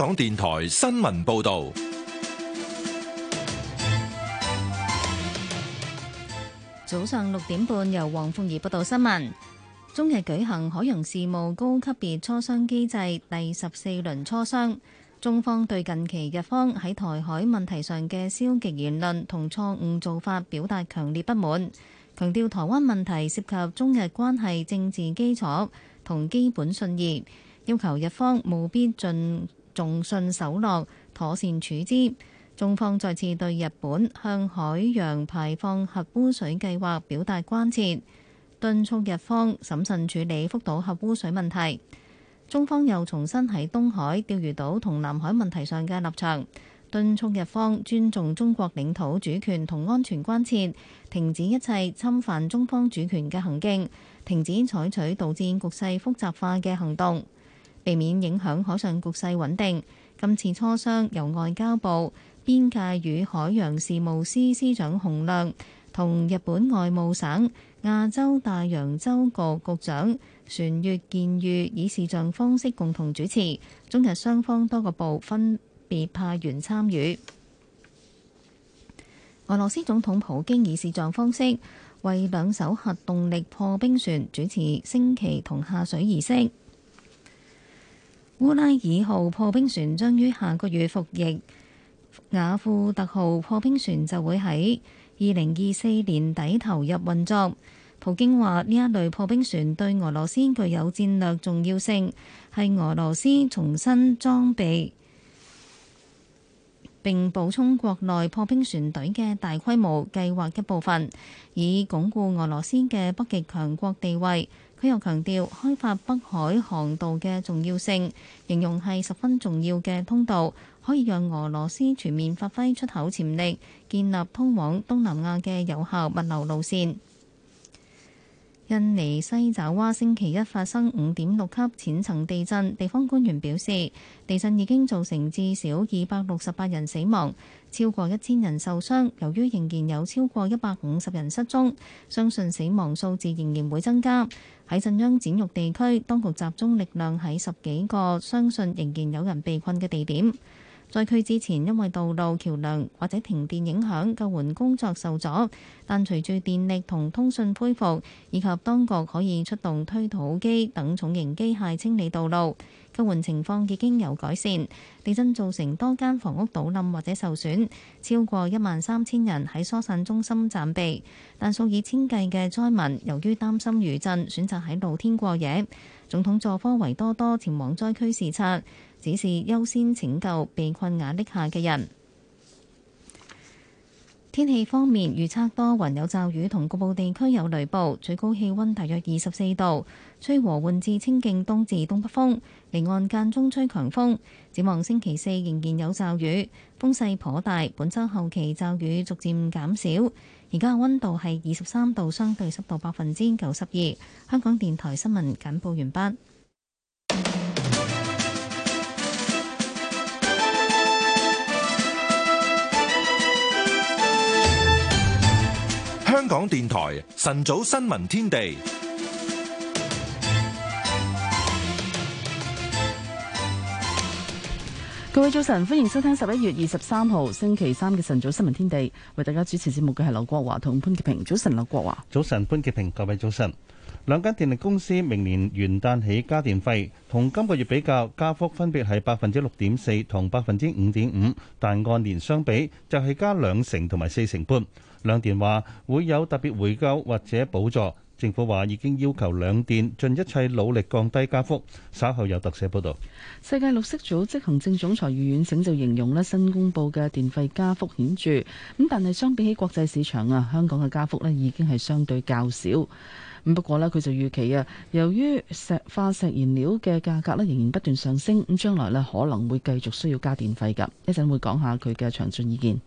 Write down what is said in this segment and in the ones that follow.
港電台新聞報道，早上六點半由黃鳳儀報道新聞。中日舉行海洋事務高級別磋商機制第十四輪磋商，中方對近期日方喺台海問題上嘅消極言論同錯誤做法表達強烈不滿，強調台灣問題涉及中日關係政治基礎同基本信義，要求日方務必盡。重信守諾，妥善處置。中方再次對日本向海洋排放核污水計劃表達關切，敦促日方審慎處理福島核污水問題，中方又重申喺東海釣魚島同南海問題上嘅立場，敦促日方尊重中國領土主權同安全關切，停止一切侵犯中方主權嘅行徑，停止採取導致局勢複雜化嘅行動。避免影響海上局勢穩定。今次磋商由外交部邊界與海洋事務司司長洪亮同日本外務省亞洲大洋洲局局長船越健裕以視像方式共同主持，中日雙方多個部分別派員參與。俄羅斯總統普京以視像方式為兩艘核動力破冰船主持升旗同下水儀式。烏拉爾號破冰船將於下個月服役，雅庫特號破冰船就會喺二零二四年底投入運作。普京話呢一類破冰船對俄羅斯具有戰略重要性，係俄羅斯重新裝備並補充國內破冰船隊嘅大規模計劃嘅部分，以鞏固俄羅斯嘅北極強國地位。佢又強調開發北海航道嘅重要性，形容係十分重要嘅通道，可以讓俄羅斯全面發揮出口潛力，建立通往東南亞嘅有效物流路線。印尼西爪哇星期一發生五點六級淺層地震，地方官員表示，地震已經造成至少二百六十八人死亡。超過一千人受傷，由於仍然有超過一百五十人失蹤，相信死亡數字仍然會增加。喺震央展育地區，當局集中力量喺十幾個相信仍然有人被困嘅地點。災區之前因為道路、橋梁或者停電影響救援工作受阻，但隨住電力同通訊恢復，以及當局可以出動推土機等重型機械清理道路，救援情況已經有改善。地震造成多間房屋倒冧或者受損，超過一萬三千人喺疏散中心暫避，但數以千計嘅災民由於擔心餘震，選擇喺露天過夜。總統佐科維多多前往災區視察。只是優先拯救被困瓦礫下嘅人。天氣方面預測多雲有驟雨，同局部地區有雷暴，最高氣溫大約二十四度，吹和緩至清勁東至東北風，離岸間中吹強風，展望星期四仍然有驟雨，風勢頗大。本周後期驟雨逐漸減少。而家温度係二十三度，相對濕度百分之九十二。香港電台新聞簡報完畢。香港電台晨早新聞天地，各位早晨，歡迎收聽十一月二十三號星期三嘅晨早新聞天地，為大家主持節目嘅係劉國華同潘潔平。早晨，劉國華，早晨，潘潔平，各位早晨。兩間電力公司明年元旦起加電費，同今個月比較加幅分別係百分之六點四同百分之五點五，但按年相比就係加兩成同埋四成半。兩電話會有特別回購或者補助，政府話已經要求兩電盡一切努力降低加幅。稍後有特寫報道。世界綠色組織行政總裁余遠騁就形容咧新公布嘅電費加幅顯著，咁但係相比起國際市場啊，香港嘅加幅咧已經係相對較少。咁不過咧佢就預期啊，由於石化石燃料嘅價格咧仍然不斷上升，咁將來咧可能會繼續需要加電費㗎。一陣會講下佢嘅詳盡意見。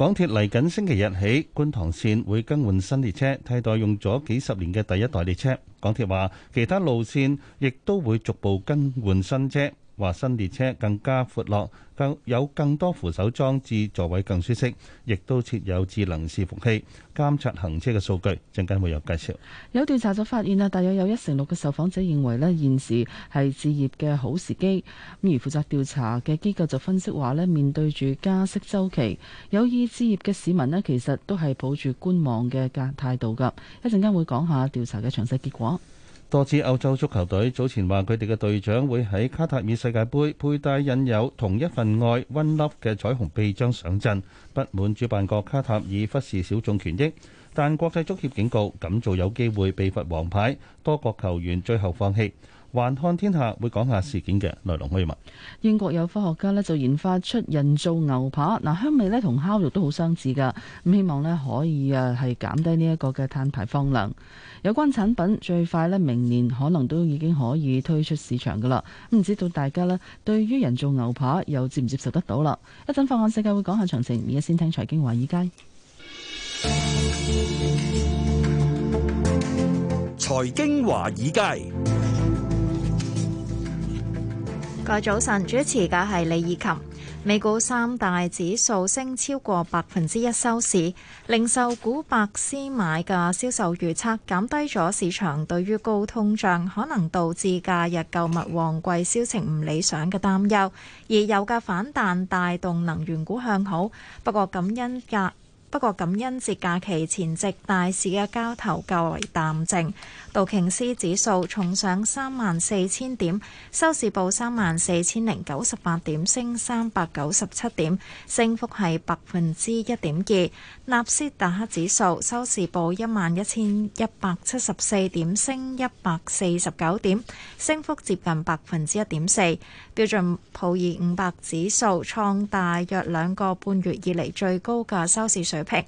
港鐵嚟緊星期日起，觀塘線會更換新列車，替代用咗幾十年嘅第一代列車。港鐵話，其他路線亦都會逐步更換新車。話新列車更加闊落，更有更多扶手裝置，座位更舒適，亦都設有智能伺服器監察行車嘅數據。陣間會有介紹。有調查就發現啊，大約有一成六嘅受訪者認為咧，現時係置業嘅好時機。咁而負責調查嘅機構就分析話咧，面對住加息周期，有意置業嘅市民咧，其實都係抱住觀望嘅態態度㗎。會會一陣間會講下調查嘅詳細結果。多支歐洲足球隊早前話佢哋嘅隊長會喺卡塔爾世界盃佩戴印有同一份愛 One Love 嘅彩虹臂章上陣，不滿主辦國卡塔爾忽視小眾權益，但國際足協警告噉做有機會被罰黃牌，多國球員最後放棄。還看天下會講下事件嘅內容，可以問。英國有科學家呢就研發出人造牛扒，嗱，香味呢同烤肉都好相似噶，咁希望呢可以啊係減低呢一個嘅碳排放量。有關產品最快呢明年可能都已經可以推出市場噶啦，唔知道大家呢對於人造牛扒又接唔接受得到啦？一陣放眼世界會講下詳情，而家先聽財經華爾街。財經華爾街。各位早晨，主持嘅係李以琴。美股三大指數升超過百分之一收市，零售股百思買嘅銷售預測減低咗市場對於高通脹可能導致假日購物旺季銷情唔理想嘅擔憂，而油價反彈帶動能源股向好。不過感恩假，不過感恩節假期前夕大市嘅交投較為淡靜。道瓊斯指數重上三萬四千點，收市報三萬四千零九十八點，升三百九十七點，升幅係百分之一點二。納斯達克指數收市報一萬一千一百七十四點，升一百四十九點，升幅接近百分之一點四。標準普爾五百指數創大約兩個半月以嚟最高嘅收市水平。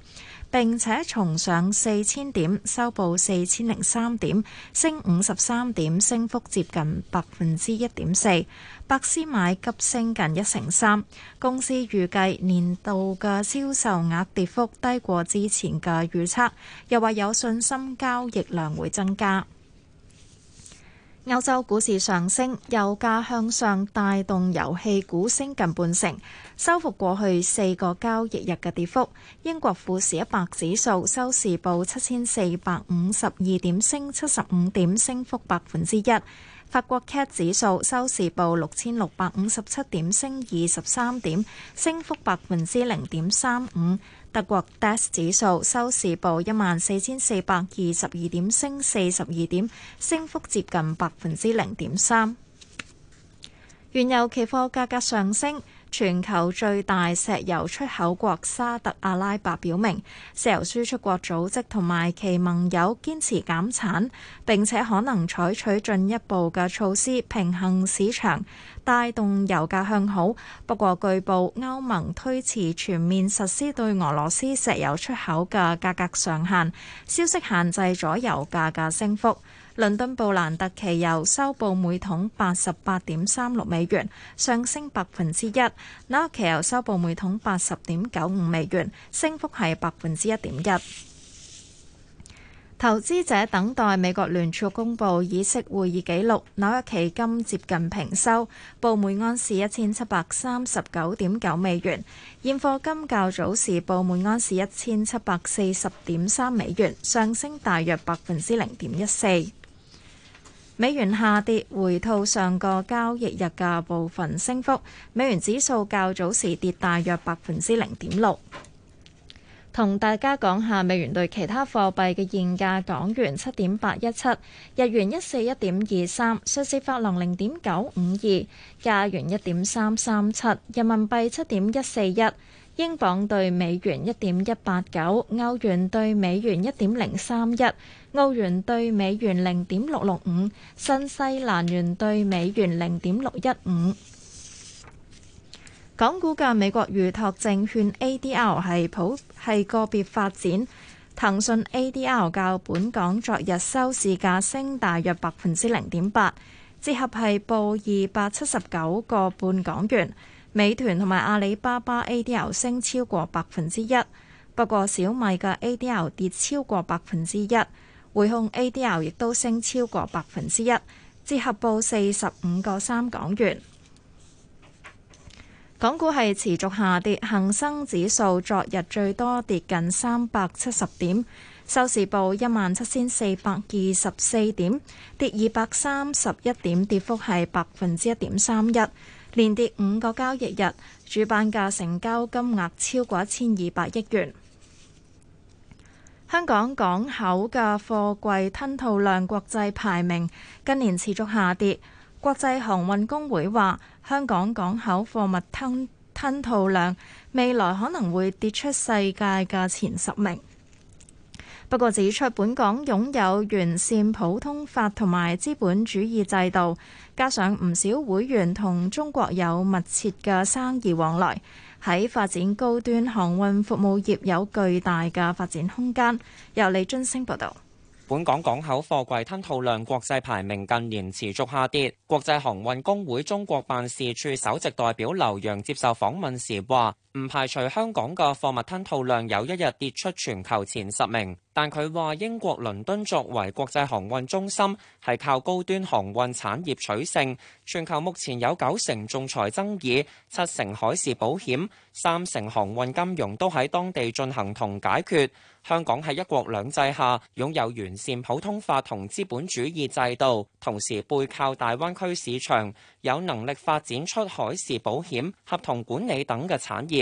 並且重上四千點，收報四千零三點，升五十三點，升幅接近百分之一點四。百思買急升近一成三，公司預計年度嘅銷售額跌幅低過之前嘅預測，又話有信心交易量會增加。歐洲股市上升，油價向上帶動油氣股升近半成，收復過去四個交易日嘅跌幅。英國富時一百指數收市報七千四百五十二點升，升七十五點，升幅百分之一。法國 CAC 指數收市報六千六百五十七點升，點升二十三點升，升幅百分之零點三五。德國 DAX 指數收市報一萬四千四百二十二點，升四十二點，升幅接近百分之零點三。原油期貨價格上升。全球最大石油出口國沙特阿拉伯表明，石油輸出國組織同埋其盟友堅持減產，並且可能採取進一步嘅措施平衡市場帶動油價向好。不過據報歐盟推遲全面實施對俄羅斯石油出口嘅價格上限消息，限制咗油價嘅升幅。倫敦布蘭特期油收報每桶八十八點三六美元，上升百分之一。紐約期油收報每桶八十點九五美元，升幅係百分之一點一。投資者等待美國聯儲公布議息會議記錄。紐約期金接近平收，報每安士一千七百三十九點九美元。現貨金較早時報每安士一千七百四十點三美元，上升大約百分之零點一四。美元下跌，回吐上個交易日嘅部分升幅。美元指數較早時跌大約百分之零點六。同大家講下美元兌其他貨幣嘅現價：港元七點八一七，日元一四一點二三，瑞士法郎零點九五二，加元一點三三七，人民幣七點一四一。英鎊兌美元一點一八九，歐元兌美元一點零三一，澳元兌美元零點六六五，新西蘭元兌美元零點六一五。港股嘅美國預託證券 A D R 係普係個別發展，騰訊 A D R 較本港昨日收市價升大約百分之零點八，折合係報二百七十九個半港元。美團同埋阿里巴巴 A.D.R 升超過百分之一，不過小米嘅 A.D.R 跌超過百分之一，匯控 A.D.R 亦都升超過百分之一，折合報四十五個三港元。港股係持續下跌，恒生指數昨日最多跌近三百七十點，收市報一萬七千四百二十四點，跌二百三十一點，跌幅係百分之一點三一。連跌五個交易日，主板價成交金額超過一千二百億元。香港港口嘅貨櫃吞吐量國際排名近年持續下跌。國際航運公會話，香港港口貨物吞吞吐量未來可能會跌出世界嘅前十名。不過指出，本港擁有完善普通法同埋資本主義制度，加上唔少會員同中國有密切嘅生意往來，喺發展高端航運服務業有巨大嘅發展空間。由李津星報導。本港港口貨櫃吞吐吐量國際排名近年持續下跌。國際航運公會中國辦事處首席代表劉洋接受訪問時話，唔排除香港嘅貨物吞吐量有一日跌出全球前十名，但佢話英國倫敦作為國際航運中心，係靠高端航運產業取勝。全球目前有九成仲裁爭議、七成海事保險、三成航運金融都喺當地進行同解決。香港喺一國兩制下，擁有完善普通法同資本主義制度，同時背靠大灣區市場，有能力發展出海事保險、合同管理等嘅產業。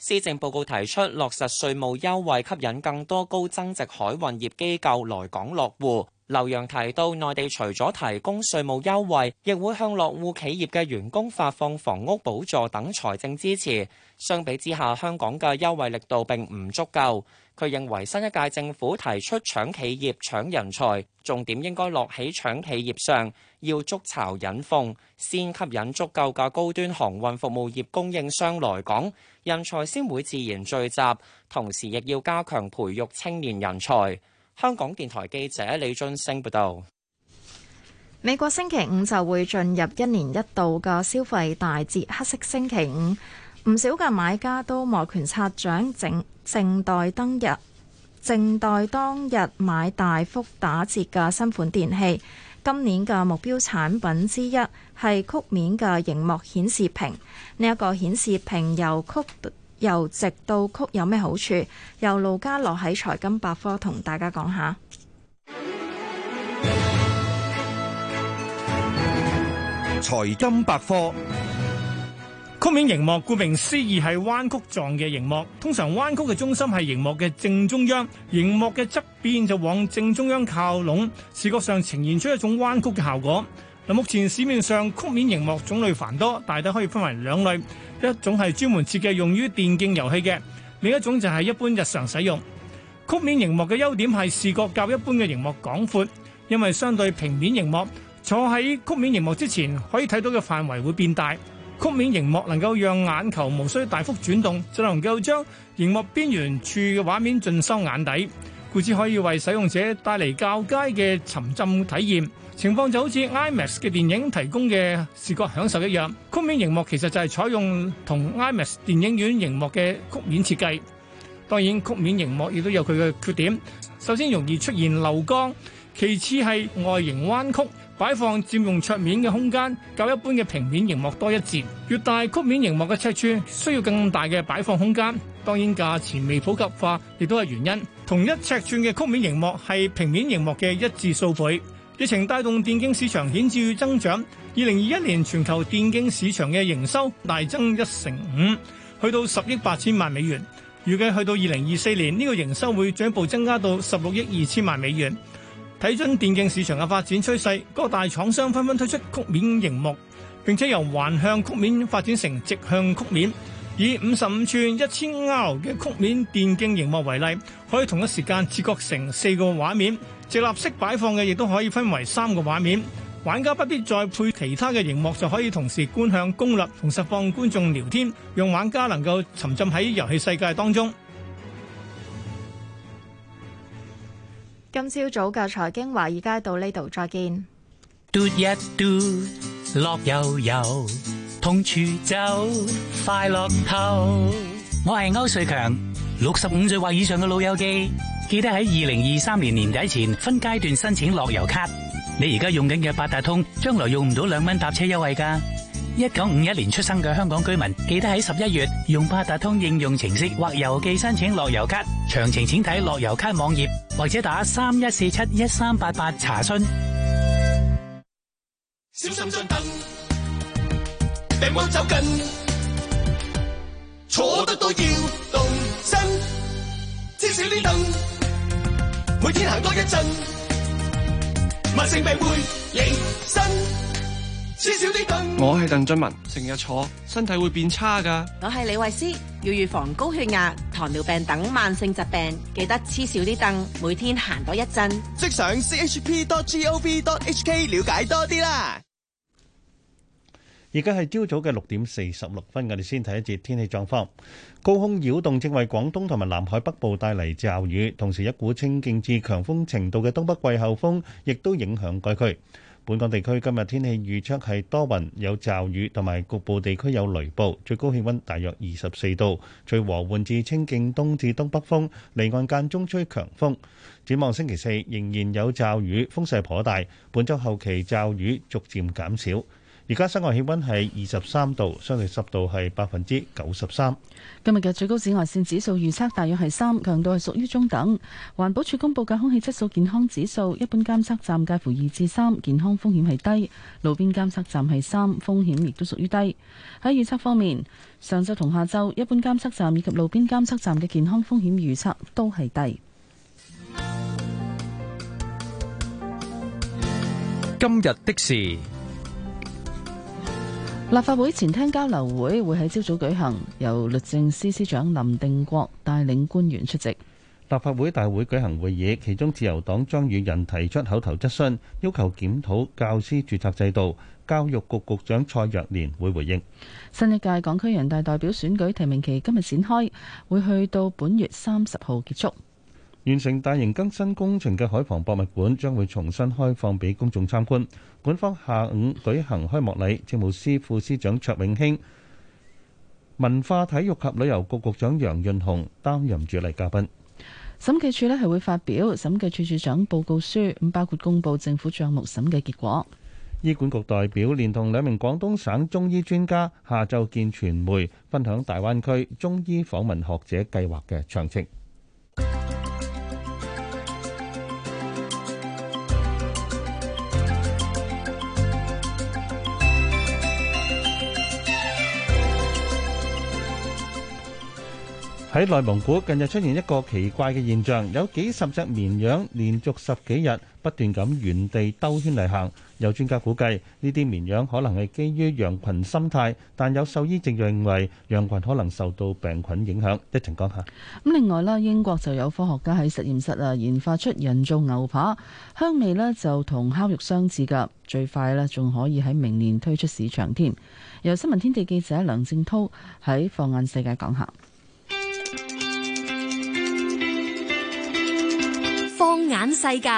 施政報告提出，落實稅務優惠，吸引更多高增值海運業機構來港落戶。劉洋提到，內地除咗提供稅務優惠，亦會向落戶企業嘅員工發放房屋補助等財政支持。相比之下，香港嘅優惠力度並唔足夠。佢認為，新一屆政府提出搶企業、搶人才，重點應該落喺搶企業上，要築巢引鳳，先吸引足夠嘅高端航運服務業供應商來港，人才先會自然聚集。同時，亦要加強培育青年人才。香港電台記者李俊升報道，美國星期五就會進入一年一度嘅消費大節，黑色星期五，唔少嘅買家都摩拳擦掌，靜靜待登日靜待當日買大幅打折嘅新款電器。今年嘅目標產品之一係曲面嘅熒幕顯示屏，呢一個顯示屏由曲。由直到曲有咩好處？由盧家樂喺財金百科同大家講下。財金百科，百科曲面熒幕顧名思義係彎曲狀嘅熒幕，通常彎曲嘅中心係熒幕嘅正中央，熒幕嘅側邊就往正中央靠攏，視覺上呈現出一種彎曲嘅效果。嗱，目前市面上曲面熒幕種類繁多，大體可以分為兩類。一種係專門設計用於電競遊戲嘅，另一種就係一般日常使用。曲面熒幕嘅優點係視覺較一般嘅熒幕廣闊，因為相對平面熒幕，坐喺曲面熒幕之前可以睇到嘅範圍會變大。曲面熒幕能夠讓眼球無需大幅轉動，就能夠將熒幕邊緣處嘅畫面盡收眼底，故此可以為使用者帶嚟較佳嘅沉浸體驗。情況就好似 IMAX 嘅電影提供嘅視覺享受一樣。曲面熒幕其實就係採用同 IMAX 電影院熒幕嘅曲面設計。當然，曲面熒幕亦都有佢嘅缺點。首先，容易出現漏光；其次係外形彎曲，擺放佔用桌面嘅空間較一般嘅平面熒幕多一截。越大曲面熒幕嘅尺寸，需要更大嘅擺放空間。當然，價錢未普及化亦都係原因。同一尺寸嘅曲面熒幕係平面熒幕嘅一至數倍。疫情帶動電競市場顯著增長，二零二一年全球電競市場嘅營收大增一成五，去到十億八千萬美元。預計去到二零二四年，呢、這個營收會進一步增加到十六億二千萬美元。睇準電競市場嘅發展趨勢，各大廠商紛紛推出曲面熒幕，並且由橫向曲面發展成直向曲面。以五十五吋一千 R 嘅曲面電競熒幕為例，可以同一時間切割成四個畫面。直立式擺放嘅，亦都可以分為三個畫面。玩家不必再配其他嘅熒幕，就可以同時觀向攻略同實況觀眾聊天，讓玩家能夠沉浸喺遊戲世界當中。今朝早嘅財經華爾街到呢度再見。嘟一嘟，樂悠悠，同處走，快樂透。我係歐瑞強，六十五歲或以上嘅老友記，記得喺二零二三年年底前分階段申請樂悠咭，你而家用緊嘅八達通將來用唔到兩蚊搭車優惠噶。一九五一年出生嘅香港居民，記得喺十一月用八達通應用程式或郵寄申請樂悠咭，詳情請睇樂悠咭網頁或者打三一四七一三八八查詢。小心上燈，別妄走近，坐得都要動身，至少呢燈。每天行多一陣，慢性病會離身。黐少啲凳。我係鄧俊文，成日坐，身體會變差噶。我係李慧思，要預防高血壓、糖尿病等慢性疾病，記得黐少啲凳，每天行多一陣。即上 chp.gov.hk 了解多啲啦。而家係朝早嘅六點四十六分，我哋先睇一節天氣狀況。高空擾動正為廣東同埋南海北部帶嚟驟雨，同時一股清勁至強風程度嘅東北季候風亦都影響該區。本港地區今日天氣預測係多雲有驟雨，同埋局部地區有雷暴，最高氣温大約二十四度，最和緩至清勁東至東北風，離岸間中吹強風。展望星期四仍然有驟雨，風勢頗大。本周後期驟雨逐漸減少。而家室外氣溫係二十三度，相對濕度係百分之九十三。今日嘅最高紫外線指數預測大約係三，強度係屬於中等。環保署公布嘅空氣質素健康指數，一般監測站介乎二至三，健康風險係低；路邊監測站係三，風險亦都屬於低。喺預測方面，上晝同下晝，一般監測站以及路邊監測站嘅健康風險預測都係低。今日的事。立法會前廳交流會會喺朝早舉行由律政司司長林定國帶領官員出席立法會大會舉行會議其中自由黨張宇人提出口頭質詢要求檢討教師註冊制度教育局局長蔡若蓮會回應新一屆港區人大代表選舉提名期今日展開會去到本月三十號結束完成大型更新工程嘅海防博物館將會重新開放俾公眾參觀。館方下午舉行開幕禮，政務司副司長卓永興、文化體育及旅遊局局長楊潤雄擔任主禮嘉賓。審計署咧係會發表審計署署長報告書，咁包括公布政府賬目審計結果。醫管局代表連同兩名廣東省中醫專家下晝見傳媒，分享大灣區中醫訪問學者計劃嘅詳情。喺內蒙古近日出現一個奇怪嘅現象，有幾十隻綿羊連續十幾日不斷咁原地兜圈嚟行。有專家估計呢啲綿羊可能係基於羊群心態，但有獸醫正認為羊群可能受到病菌影響。一陣講下。咁另外啦，英國就有科學家喺實驗室啊研發出人造牛扒，香味咧就同烤肉相似噶，最快咧仲可以喺明年推出市場添。由新聞天地記者梁正濤喺放眼世界講下。眼世界，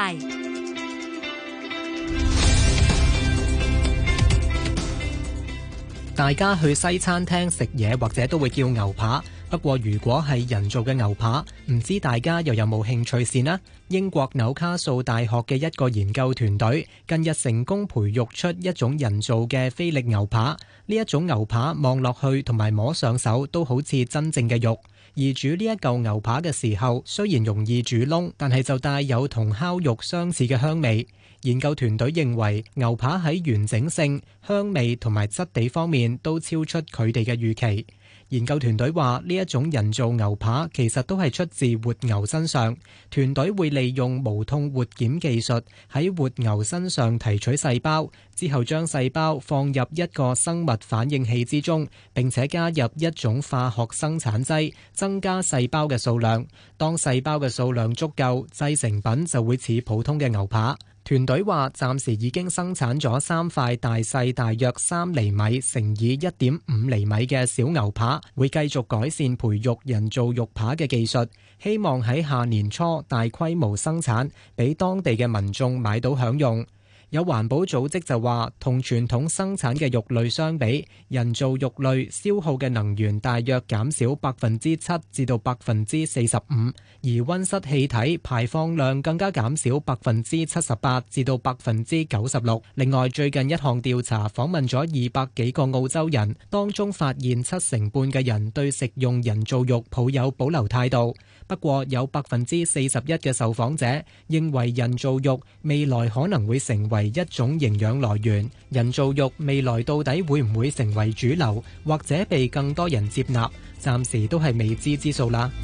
大家去西餐廳食嘢，或者都會叫牛扒。不過如果係人造嘅牛扒，唔知大家又有冇興趣試呢？英國紐卡素大學嘅一個研究團隊近日成功培育出一種人造嘅菲力牛扒。呢一種牛扒望落去同埋摸上手都好似真正嘅肉。而煮呢一嚿牛扒嘅時候，雖然容易煮燶，但係就帶有同烤肉相似嘅香味。研究團隊認為，牛扒喺完整性、香味同埋質地方面都超出佢哋嘅預期。研究團隊話：呢一種人造牛扒其實都係出自活牛身上。團隊會利用無痛活檢技術喺活牛身上提取細胞，之後將細胞放入一個生物反應器之中，並且加入一種化學生產劑，增加細胞嘅數量。當細胞嘅數量足夠，製成品就會似普通嘅牛扒。團隊話：暫時已經生產咗三塊大細大約三厘米乘以一點五厘米嘅小牛扒，會繼續改善培育人造肉扒嘅技術，希望喺下年初大規模生產，俾當地嘅民眾買到享用。有環保組織就話，同傳統生產嘅肉類相比，人造肉類消耗嘅能源大約減少百分之七至到百分之四十五，而溫室氣體排放量更加減少百分之七十八至到百分之九十六。另外，最近一項調查訪問咗二百幾個澳洲人，當中發現七成半嘅人對食用人造肉抱有保留態度。不過有，有百分之四十一嘅受訪者認為人造肉未來可能會成為一種營養來源。人造肉未來到底會唔會成為主流，或者被更多人接納，暫時都係未知之數啦。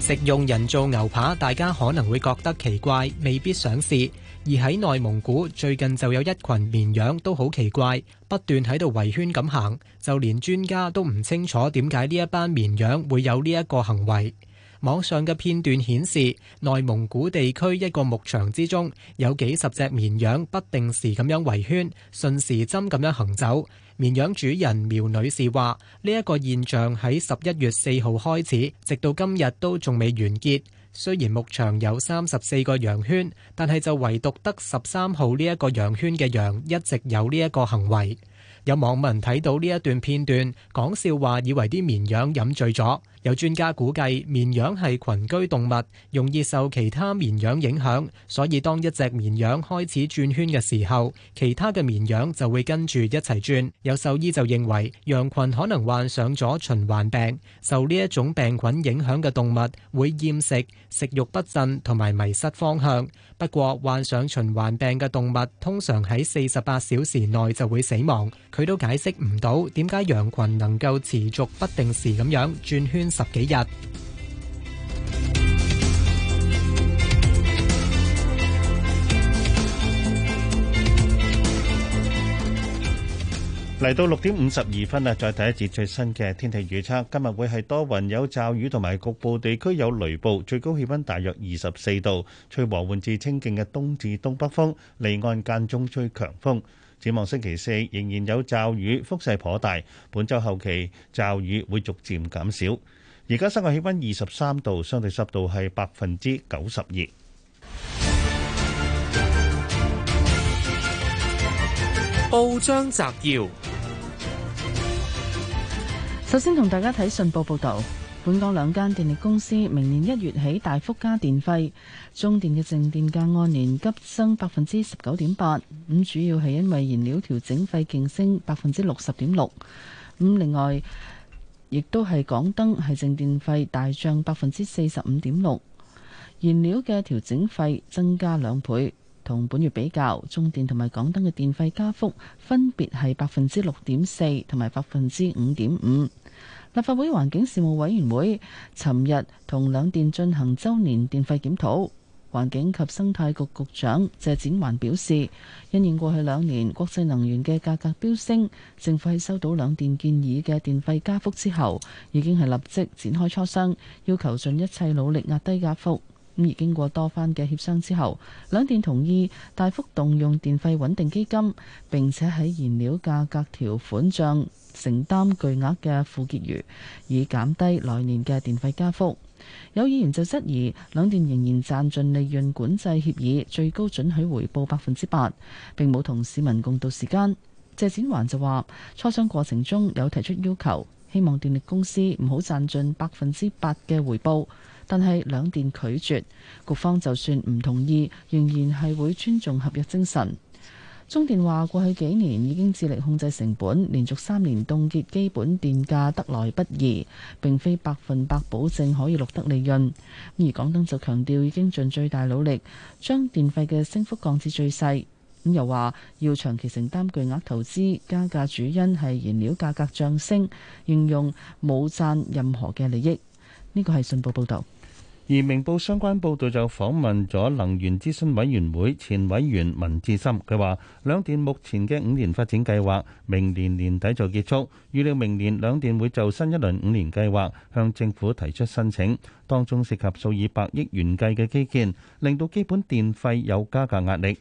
食用人造牛扒，大家可能會覺得奇怪，未必想試。而喺內蒙古最近就有一群綿羊都好奇怪，不斷喺度圍圈咁行，就連專家都唔清楚點解呢一班綿羊會有呢一個行為。網上嘅片段顯示，內蒙古地區一個牧場之中有幾十隻綿羊，不定時咁樣圍圈，順時針咁樣行走。綿羊主人苗女士話：呢一個現象喺十一月四號開始，直到今日都仲未完結。雖然牧場有三十四個羊圈，但係就唯獨得十三號呢一個羊圈嘅羊一直有呢一個行為。有網民睇到呢一段片段，講笑話，以為啲綿羊飲醉咗。有專家估計，綿羊係群居動物，容易受其他綿羊影響，所以當一隻綿羊開始轉圈嘅時候，其他嘅綿羊就會跟住一齊轉。有獸醫就認為，羊群可能患上咗循環病，受呢一種病菌影響嘅動物會厭食、食慾不振同埋迷失方向。不過，患上循環病嘅動物通常喺四十八小時內就會死亡。佢都解釋唔到點解羊群能夠持續不定時咁樣轉圈。十幾日嚟，到六點五十二分啊，再睇一節最新嘅天氣預測。今日會係多雲有驟雨，同埋局部地區有雷暴。最高氣溫大約二十四度，吹和緩至清勁嘅東至東北風，離岸間中吹強風。展望星期四仍然有驟雨，幅勢頗大。本周後期驟雨會逐漸減少。而家室外氣溫二十三度，相對濕度係百分之九十二。報章摘要，首先同大家睇信報報道。本港兩間電力公司明年一月起大幅加電費，中電嘅淨電價按年急增百分之十九點八，咁主要係因為燃料調整費勁升百分之六十點六，咁另外亦都係港燈係淨電費大漲百分之四十五點六，燃料嘅調整費增加兩倍，同本月比較，中電同埋港燈嘅電費加幅分別係百分之六點四同埋百分之五點五。立法會環境事務委員會尋日同兩電進行周年電費檢討，環境及生態局局長謝展環表示，因應過去兩年國際能源嘅價格飆升，政府喺收到兩電建議嘅電費加幅之後，已經係立即展開磋商，要求盡一切努力壓低加幅。咁而經過多番嘅協商之後，兩電同意大幅動用電費穩定基金，並且喺燃料價格條款上承擔巨額嘅負結餘，以減低來年嘅電費加幅。有議員就質疑兩電仍然賺盡利潤管制協議最高准許回報百分之八，並冇同市民共度時間。謝展環就話磋商過程中有提出要求，希望電力公司唔好賺盡百分之八嘅回報。但係兩電拒絕局方，就算唔同意，仍然係會尊重合約精神。中電話過去幾年已經致力控制成本，連續三年凍結基本電價得來不易，並非百分百保證可以錄得利潤。而港燈就強調已經盡最大努力將電費嘅升幅降至最細。咁又話要長期承擔巨額投資加價，主因係燃料價格上升，應用冇賺任何嘅利益。呢、這個係信報報導。而明報相關報導就訪問咗能源諮詢委員會前委員文志深，佢話兩電目前嘅五年發展計劃明年年底就結束，預料明年兩電會就新一輪五年計劃向政府提出申請，當中涉及數以百億元計嘅基建，令到基本電費有加價壓力。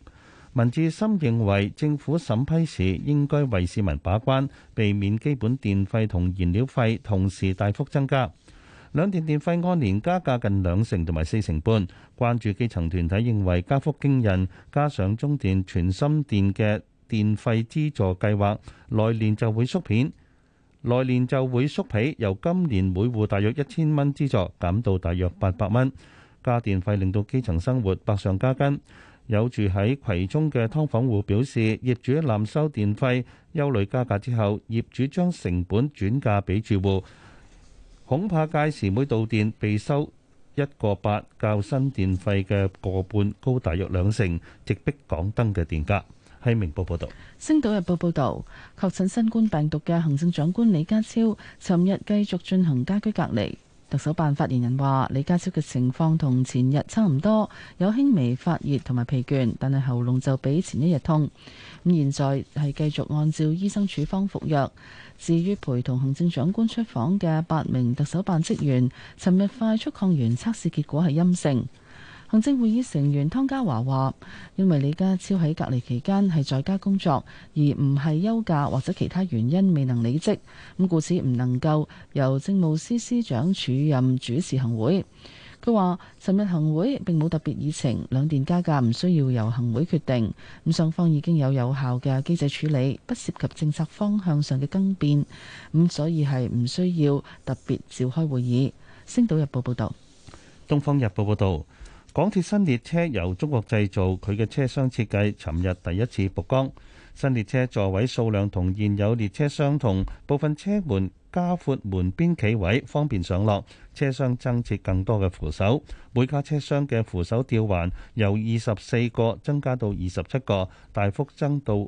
文志深認為政府審批時應該為市民把關，避免基本電費同燃料費同時大幅增加。兩電電費按年加價近兩成同埋四成半，關注基層團體認為加幅驚人，加上中電、全心電嘅電費資助計劃，來年就會縮片，來年就會縮皮，由今年每戶大約一千蚊資助減到大約八百蚊。加電費令到基層生活百上加斤。有住喺葵涌嘅劏房戶表示，業主濫收電費，憂慮加價之後，業主將成本轉嫁俾住戶。恐怕屆時每度電被收一個八較新電費嘅過半高，大約兩成直，直逼港燈嘅電價。喺明報報道，星島日報報道確診新冠病毒嘅行政長官李家超，尋日繼續進行家居隔離，特首辦發言人話李家超嘅情況同前日差唔多，有輕微發熱同埋疲倦，但係喉嚨就比前一日痛，咁現在係繼續按照醫生處方服藥。至於陪同行政長官出訪嘅八名特首辦職員，尋日快速抗原測試結果係陰性。行政會議成員湯家驊話，因為李家超喺隔離期間係在家工作，而唔係休假或者其他原因未能理職，咁故此唔能夠由政務司司長署任主持行會。都話：尋日行會並冇特別議程，兩電加價唔需要由行會決定。咁上方已經有有效嘅機制處理，不涉及政策方向上嘅更變。咁所以係唔需要特別召開會議。星島日報報道：《東方日報》報道，港鐵新列車由中國製造，佢嘅車廂設計尋日第一次曝光。新列車座位數量同現有列車相同，部分車門，加闊門邊企位，方便上落；車廂增設更多嘅扶手，每架車廂嘅扶手吊環由二十四個增加到二十七個，大幅增到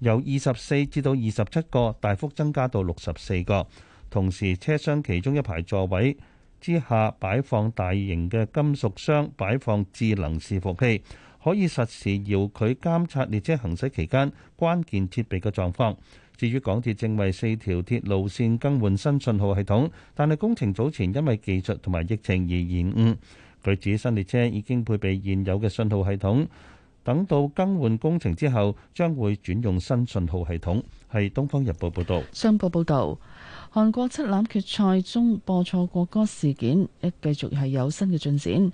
由二十四至到二十七個，大幅增加到六十四個。同時，車廂其中一排座位之下擺放大型嘅金屬箱，擺放智能伺服器，可以實時遙距監測列車行駛期間關鍵設備嘅狀況。至於港鐵正為四條鐵路線更換新信號系統，但係工程早前因為技術同埋疫情而延誤。據指新列車已經配備現有嘅信號系統，等到更換工程之後，將會轉用新信號系統。係《東方日報》報道。商報報導，韓國七欖決賽中播錯國歌事件，亦繼續係有新嘅進展。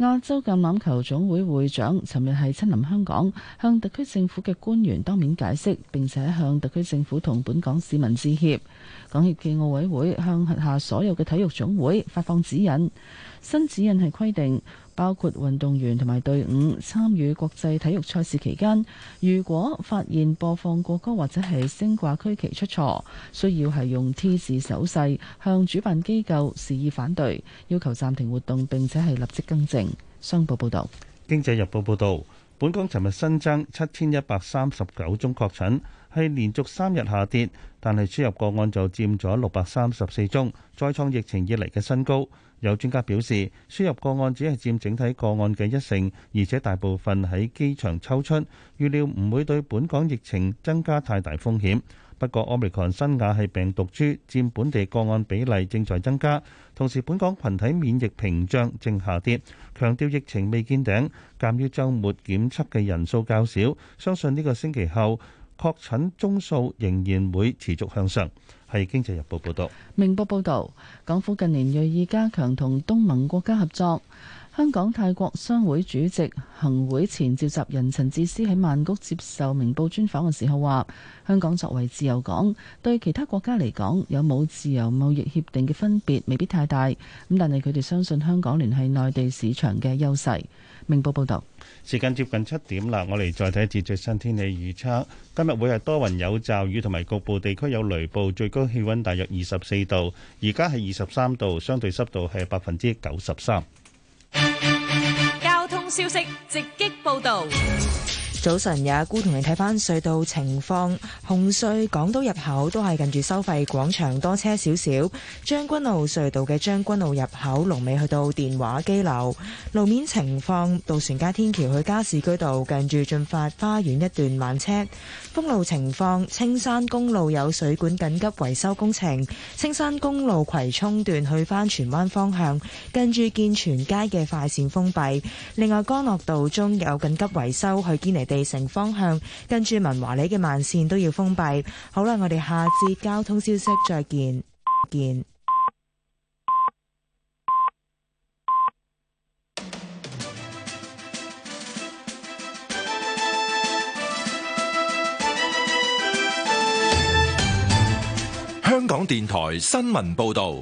亞洲橄欖球總會會長尋日係親臨香港，向特區政府嘅官員當面解釋，並且向特區政府同本港市民致歉。港協暨奧委會向轄下所有嘅體育總會發放指引，新指引係規定。包括運動員同埋隊伍參與國際體育賽事期間，如果發現播放國歌或者係升掛區旗出錯，需要係用 T 字手勢向主辦機構示意反對，要求暫停活動並且係立即更正。商報報道：《經濟日報》報道。本港尋日新增七千一百三十九宗確診，係連續三日下跌，但係輸入個案就佔咗六百三十四宗，再創疫情以嚟嘅新高。有專家表示，輸入個案只係佔整體個案嘅一成，而且大部分喺機場抽出，預料唔會對本港疫情增加太大風險。不過，奧密克戎新亞系病毒株，佔本地個案比例正在增加，同時本港群體免疫屏障正下跌。強調疫情未見頂，鑑於週末檢測嘅人數較少，相信呢個星期後確診宗數仍然會持續向上。係《經濟日報》報道，《明報》報道，港府近年鋭意加強同東盟國家合作。香港泰國商會主席、行會前召集人陳智思喺曼谷接受《明報》專訪嘅時候話，香港作為自由港，對其他國家嚟講，有冇自由貿易協定嘅分別，未必太大。咁，但係佢哋相信香港聯繫內地市場嘅優勢。《明報》報道。時間接近七點啦，我哋再睇一次最新天氣預測。今日會係多雲有驟雨，同埋局部地區有雷暴，最高氣溫大約二十四度，而家係二十三度，相對濕度係百分之九十三。交通消息直擊報道。早晨，有阿姑同你睇翻隧道情況。紅隧港島入口都係近住收費廣場多車少少。將軍澳隧道嘅將軍澳入口龍尾去到電話機樓。路面情況，渡船街天橋去加士居道近住駿發花園一段慢車。封路情況：青山公路有水管緊急維修工程，青山公路葵涌段去返荃灣方向，近住建全街嘅快綫封閉。另外，干諾道中有緊急維修去堅尼地城方向，近住文華里嘅慢綫都要封閉。好啦，我哋下節交通消息再見。再見。香港電台新聞報道，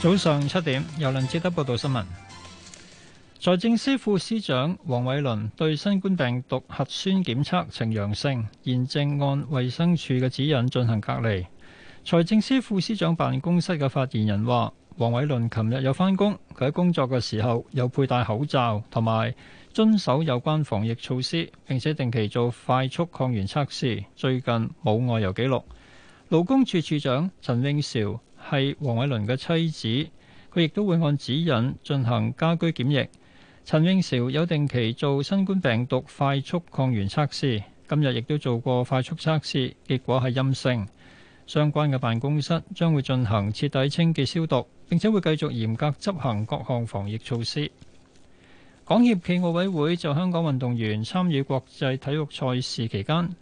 早上七點由梁志德報道新聞。財政司副司長黃偉倫對新冠病毒核酸檢測呈陽性，現正按衛生署嘅指引進行隔離。財政司副司長辦公室嘅發言人話：黃偉倫琴日有返工，佢喺工作嘅時候有佩戴口罩同埋。遵守有關防疫措施，並且定期做快速抗原測試。最近冇外遊記錄。勞工處處長陳永韶係黃偉綸嘅妻子，佢亦都會按指引進行家居檢疫。陳永韶有定期做新冠病毒快速抗原測試，今日亦都做過快速測試，結果係陰性。相關嘅辦公室將會進行徹底清潔消毒，並且會繼續嚴格執行各項防疫措施。港協暨奧委會就香港運動員參與國際體育賽事期間，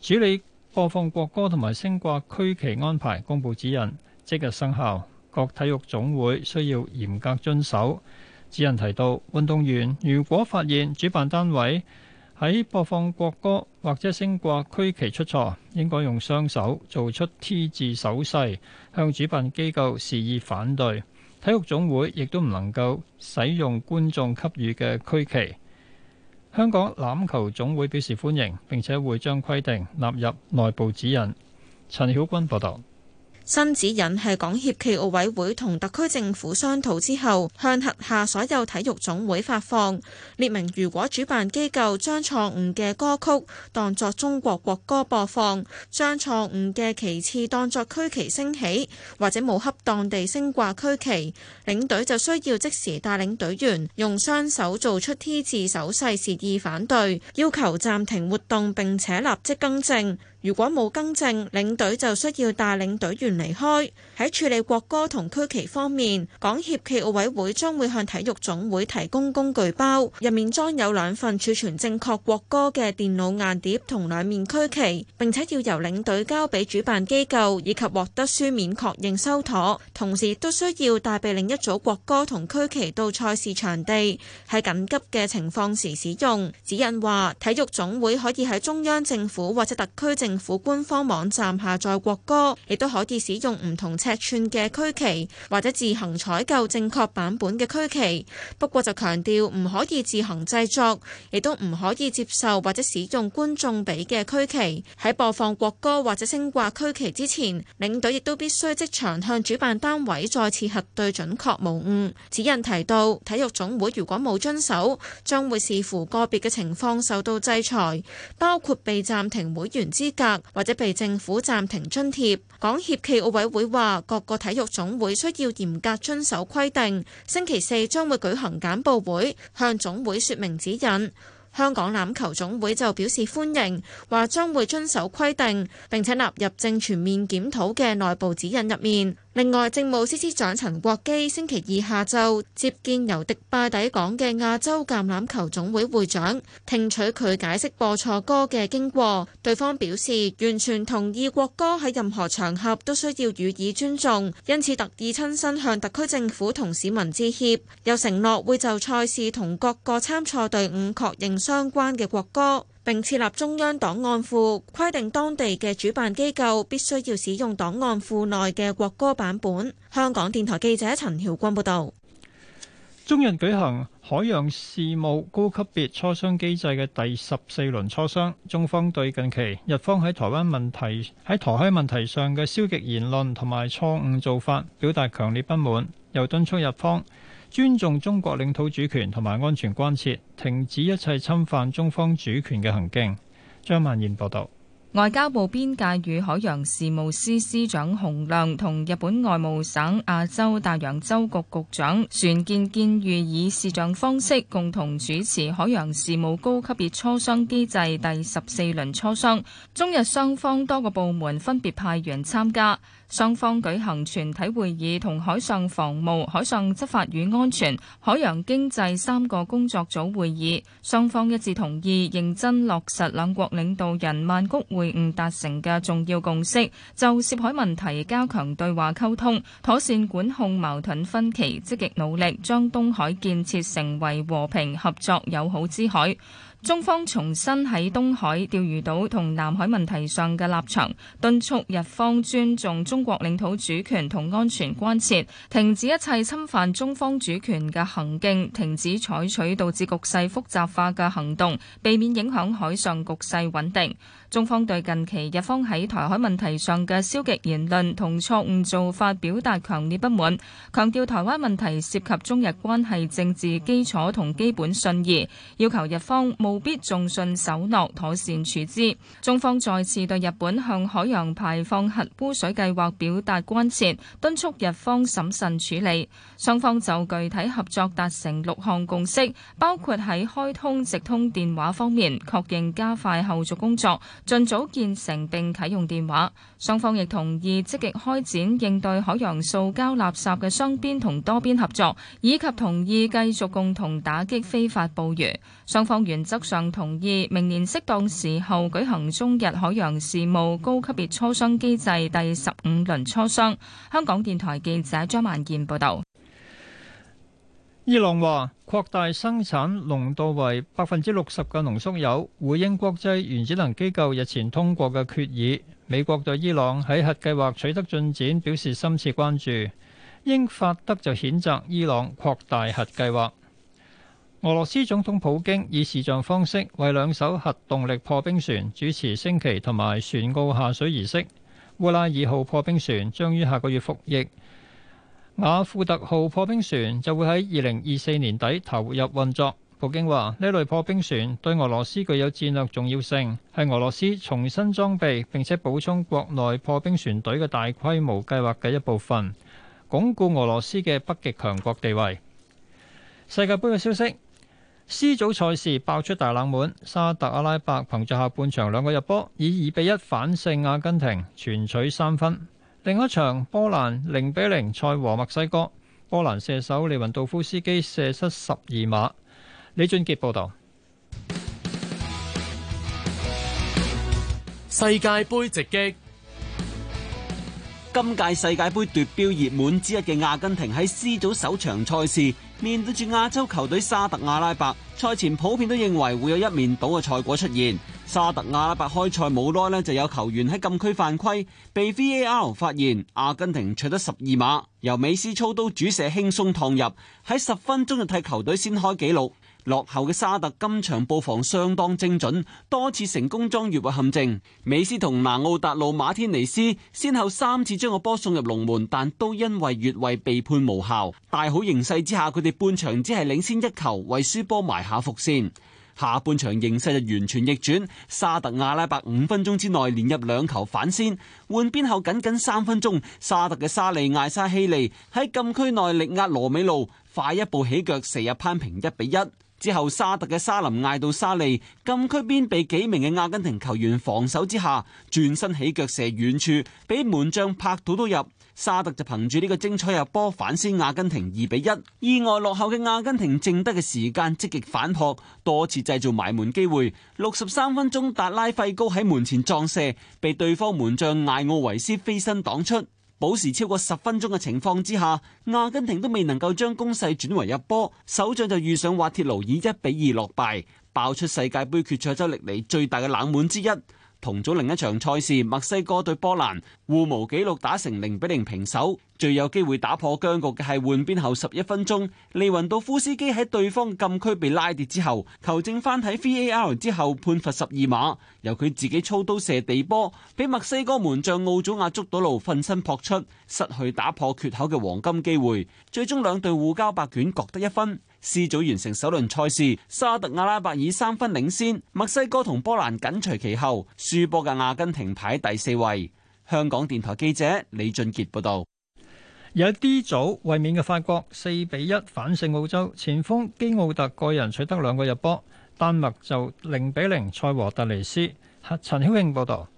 處理播放國歌同埋升掛區旗安排公佈指引，即日生效。各體育總會需要嚴格遵守。指引提到，運動員如果發現主辦單位喺播放國歌或者升掛區旗出錯，應該用雙手做出 T 字手勢，向主辦機構示意反對。體育總會亦都唔能夠使用觀眾給予嘅區旗。香港欖球總會表示歡迎，並且會將規定納入內部指引。陳曉君報道。新指引係港協暨奧委會同特區政府商討之後，向轄下所有體育總會發放，列明如果主辦機構將錯誤嘅歌曲當作中國國歌播放，將錯誤嘅旗幟當作區旗升起，或者冇恰當地升掛區旗，領隊就需要即時帶領隊員用雙手做出 T 字手勢示意反對，要求暫停活動並且立即更正。如果冇更正，領隊就需要帶領隊員離開。喺處理國歌同區旗方面，港協暨奧委會將會向體育總會提供工具包，入面裝有兩份儲存正確國歌嘅電腦硬碟同兩面區旗，並且要由領隊交俾主辦機構以及獲得書面確認收妥。同時都需要帶備另一組國歌同區旗到賽事場地，喺緊急嘅情況時使用。指引話，體育總會可以喺中央政府或者特區政府官方網站下載國歌，亦都可以使用唔同尺寸嘅區旗或者自行採購正確版本嘅區旗，不過就強調唔可以自行製作，亦都唔可以接受或者使用觀眾俾嘅區旗。喺播放國歌或者升掛區旗之前，領隊亦都必須即場向主辦單位再次核對準確無誤。指引提到，體育總會如果冇遵守，將會視乎個別嘅情況受到制裁，包括被暫停會員資格或者被政府暫停津貼。港協暨奧委會話。各個體育總會需要嚴格遵守規定，星期四將會舉行簡報會，向總會說明指引。香港欖球總會就表示歡迎，話將會遵守規定並另外，政務司司長陳國基星期二下晝接見由迪拜抵港嘅亞洲橄欖球總會會長，聽取佢解釋播錯歌嘅經過。對方表示完全同意國歌喺任何場合都需要予以尊重，因此特意親身向特區政府同市民致歉，又承諾會就賽事同各個參賽隊伍確認相關嘅國歌。並設立中央檔案庫，規定當地嘅主辦機構必須要使用檔案庫內嘅國歌版本。香港電台記者陳曉君報導。中日舉行海洋事務高級別磋商機制嘅第十四輪磋商，中方對近期日方喺台灣問題、喺台海問題上嘅消極言論同埋錯誤做法表達強烈不滿，又敦促日方。尊重中國領土主權同埋安全關切，停止一切侵犯中方主權嘅行徑。張曼燕報道，外交部邊界與海洋事務司司長洪亮同日本外務省亞洲大洋洲局局長船建健裕以視像方式共同主持海洋事務高級別磋商機制第十四輪磋商，中日雙方多個部門分別派員參加。雙方舉行全體會議同海上防務、海上執法與安全、海洋經濟三個工作組會議。雙方一致同意認真落實兩國領導人曼谷會晤達成嘅重要共識，就涉海問題加強對話溝通，妥善管控矛盾分歧，積極努力將東海建設成為和平、合作、友好之海。中方重申喺東海釣魚島同南海問題上嘅立場，敦促日方尊重中國領土主權同安全關切，停止一切侵犯中方主權嘅行徑，停止採取導致局勢複雜化嘅行動，避免影響海上局勢穩定。中方對近期日方喺台海問題上嘅消極言論同錯誤做法表達強烈不滿，強調台灣問題涉及中日關係政治基礎同基本信義，要求日方務必重信守諾，妥善處置。中方再次對日本向海洋排放核污水計劃表達關切，敦促日方審慎處理。雙方就具體合作達成六項共識，包括喺開通直通電話方面確認加快後續工作。盡早建成並啟用電話，雙方亦同意積極開展應對海洋塑膠垃圾嘅雙邊同多邊合作，以及同意繼續共同打擊非法捕魚。雙方原則上同意明年適當時候舉行中日海洋事務高級別磋商機制第十五輪磋商。香港電台記者張萬健報道。伊朗話擴大生產濃度為百分之六十嘅濃縮鈾，回應國際原子能機構日前通過嘅決議。美國對伊朗喺核計劃取得進展表示深切關注。英法德就譴責伊朗擴大核計劃。俄羅斯總統普京以視像方式為兩艘核動力破冰船主持升旗同埋船澳下水儀式。烏拉爾號破冰船將於下個月服役。雅庫特號破冰船就會喺二零二四年底投入運作。普京話呢類破冰船對俄羅斯具有戰略重要性，係俄羅斯重新裝備並且補充國內破冰船隊嘅大規模計劃嘅一部分，鞏固俄羅斯嘅北極強國地位。世界盃嘅消息，C 組賽事爆出大冷門，沙特阿拉伯憑着下半場兩個入波，以二比一反勝阿根廷，全取三分。另一場，波蘭零比零賽和墨西哥，波蘭射手利雲道夫斯基射失十二碼。李俊傑報導。世界盃直擊，今屆世界盃奪標熱門之一嘅阿根廷喺 C 組首場賽事。面對住亞洲球隊沙特阿拉伯，賽前普遍都認為會有一面倒嘅賽果出現。沙特阿拉伯開賽冇耐呢，就有球員喺禁區犯規，被 VAR 發現，阿根廷取得十二碼，由美斯操刀主射輕鬆趟入，喺十分鐘就替球隊先開紀錄。落後嘅沙特今場布防相當精準，多次成功裝越位陷阱。美斯同南奧達路馬天尼斯先後三次將個波送入龍門，但都因為越位被判無效。大好形勢之下，佢哋半場只係領先一球，為輸波埋下伏線。下半場形勢就完全逆轉，沙特阿拉伯五分鐘之內連入兩球反先。換邊後僅僅三分鐘，沙特嘅沙利艾沙希利喺禁區內力壓羅美路，快一步起腳射入攀平一比一。之後，沙特嘅沙林嗌到沙利禁區邊，被幾名嘅阿根廷球員防守之下轉身起腳射遠處，俾門將拍到都入。沙特就憑住呢個精彩入波反先，阿根廷二比一意外落後嘅阿根廷，剩得嘅時間積極反撲，多次製造埋門機會。六十三分鐘，達拉費高喺門前撞射，被對方門將艾奧維斯飛身擋出。補時超過十分鐘嘅情況之下，阿根廷都未能夠將攻勢轉為入波，首仗就遇上滑鐵盧以一比二落敗，爆出世界盃決賽周歷嚟最大嘅冷門之一。同組另一場賽事，墨西哥對波蘭互無紀錄打成零比零平手，最有機會打破僵局嘅係換邊後十一分鐘，利雲度夫斯基喺對方禁區被拉跌之後，球證翻睇 VAR 之後判罰十二碼，由佢自己操刀射地波，俾墨西哥門將奧祖亞捉到路，瞓身撲出，失去打破缺口嘅黃金機會，最終兩隊互交白卷，各得一分。C 組完成首輪賽事，沙特阿拉伯以三分領先，墨西哥同波蘭緊隨其後，輸波嘅阿根廷排第四位。香港電台記者李俊杰報道，有 D 組衛冕嘅法國四比一反勝澳洲，前鋒基奧特個人取得兩個入波，丹麥就零比零賽和特尼斯。陳曉慶報道。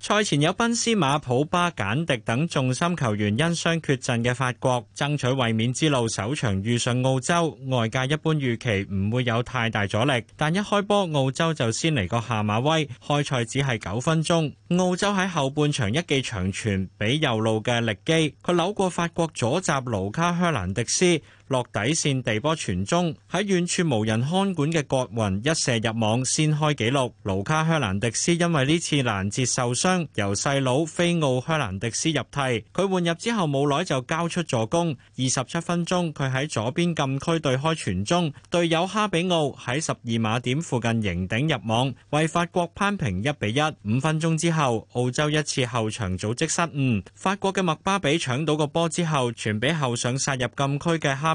賽前有賓斯馬、普巴、簡迪等重心球員因傷缺陣嘅法國，爭取衛冕之路首場遇上澳洲，外界一般預期唔會有太大阻力，但一開波澳洲就先嚟個下馬威開賽只係九分鐘，澳洲喺後半場一記長傳俾右路嘅力基，佢扭過法國左閘盧卡·香蘭迪斯，落底線地波傳中，喺遠處無人看管嘅國雲一射入網先開紀錄。盧卡·香蘭迪斯因為呢次攔截受傷，由細佬菲奧·香蘭迪斯入替。佢換入之後冇耐就交出助攻。二十七分鐘，佢喺左邊禁區對開傳中，隊友哈比奧喺十二碼點附近迎頂入網，為法國扳平一比一。五分鐘之後，澳洲一次後場組織失誤，法國嘅麥巴比搶到個波之後傳俾後上殺入禁區嘅哈。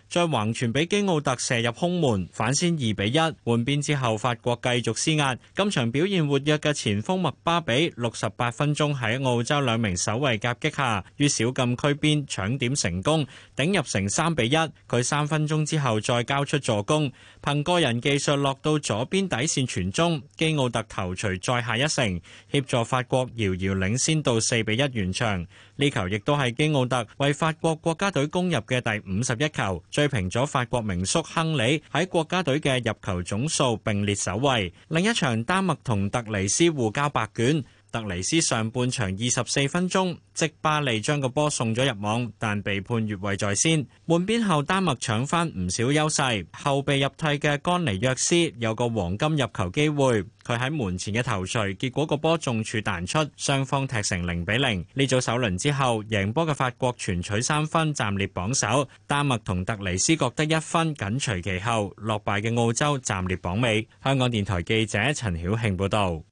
再橫傳俾基奧特射入空門，反先2比1換邊之後法國繼續施壓，今場表現活躍嘅前鋒麥巴比 ,68 分鐘喺澳洲兩名守衛夾擊下，於小禁區邊搶點成功，頂入成3比1佢三分鐘之後再交出助攻，憑個人技術落到左邊底線傳中，基奧特頭槌再下一城,協助法國遙遙領先到4比1完場。呢球亦都係基奧特為法國國家隊攻入嘅第51球追平咗法國名宿亨利喺國家隊嘅入球總數，並列首位。另一場丹麥同特尼斯互交白卷。特尼斯上半場二十四分鐘，即巴利將個波送咗入網，但被判越位在先。換邊後，丹麥搶翻唔少優勢。後備入替嘅干尼約斯有個黃金入球機會，佢喺門前嘅頭槌，結果個波中柱彈出，雙方踢成零比零。呢組首輪之後，贏波嘅法國全取三分，暫列榜首。丹麥同特尼斯各得一分，緊隨其後。落敗嘅澳洲暫列榜尾。香港電台記者陳曉慶報導。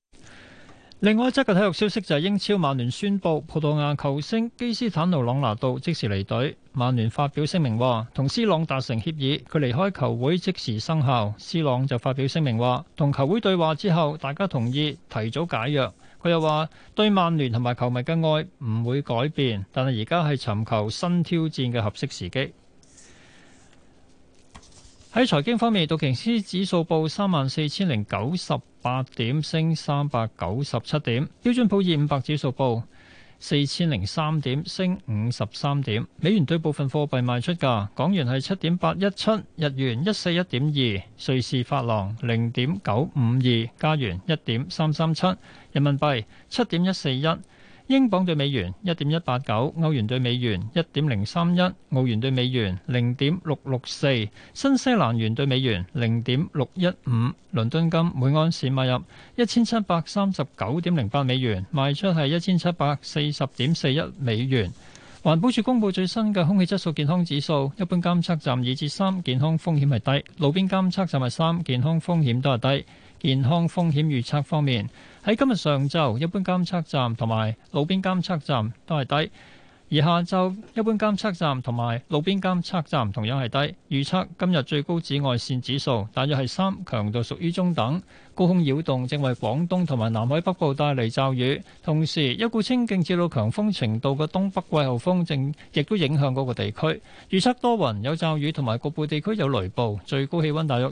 另外一則嘅體育消息就係英超曼聯宣布葡萄牙球星基斯坦奴朗拿度即時離隊。曼聯發表聲明話，同斯朗達成協議，佢離開球會即時生效。斯朗就發表聲明話，同球會對話之後，大家同意提早解約。佢又話，對曼聯同埋球迷嘅愛唔會改變，但係而家係尋求新挑戰嘅合適時機。喺財經方面，道瓊斯指數報三萬四千零九十八點，升三百九十七點；標準普爾五百指數報四千零三點，升五十三點。美元對部分貨幣賣出價，港元係七點八一七，日元一四一點二，瑞士法郎零點九五二，加元一點三三七，人民幣七點一四一。英鎊兌美元一點一八九，歐元兌美元一點零三一，澳元兌美元零點六六四，新西蘭元兌美元零點六一五。倫敦金每安士買入一千七百三十九點零八美元，賣出係一千七百四十點四一美元。環保署公布最新嘅空氣質素健康指數，一般監測站二至三，健康風險係低；路邊監測站係三，健康風險都係低。健康風險預測方面，喺今日上晝，一般監測站同埋路邊監測站都係低；而下晝，一般監測站同埋路邊監測站同樣係低。預測今日最高紫外線指數大約係三，強度屬於中等。高空擾動正為廣東同埋南海北部帶嚟，驟雨同時，一股清勁至到強風程度嘅東北季候風正亦都影響嗰個地區。預測多雲有驟雨，同埋局部地區有雷暴，最高氣溫大約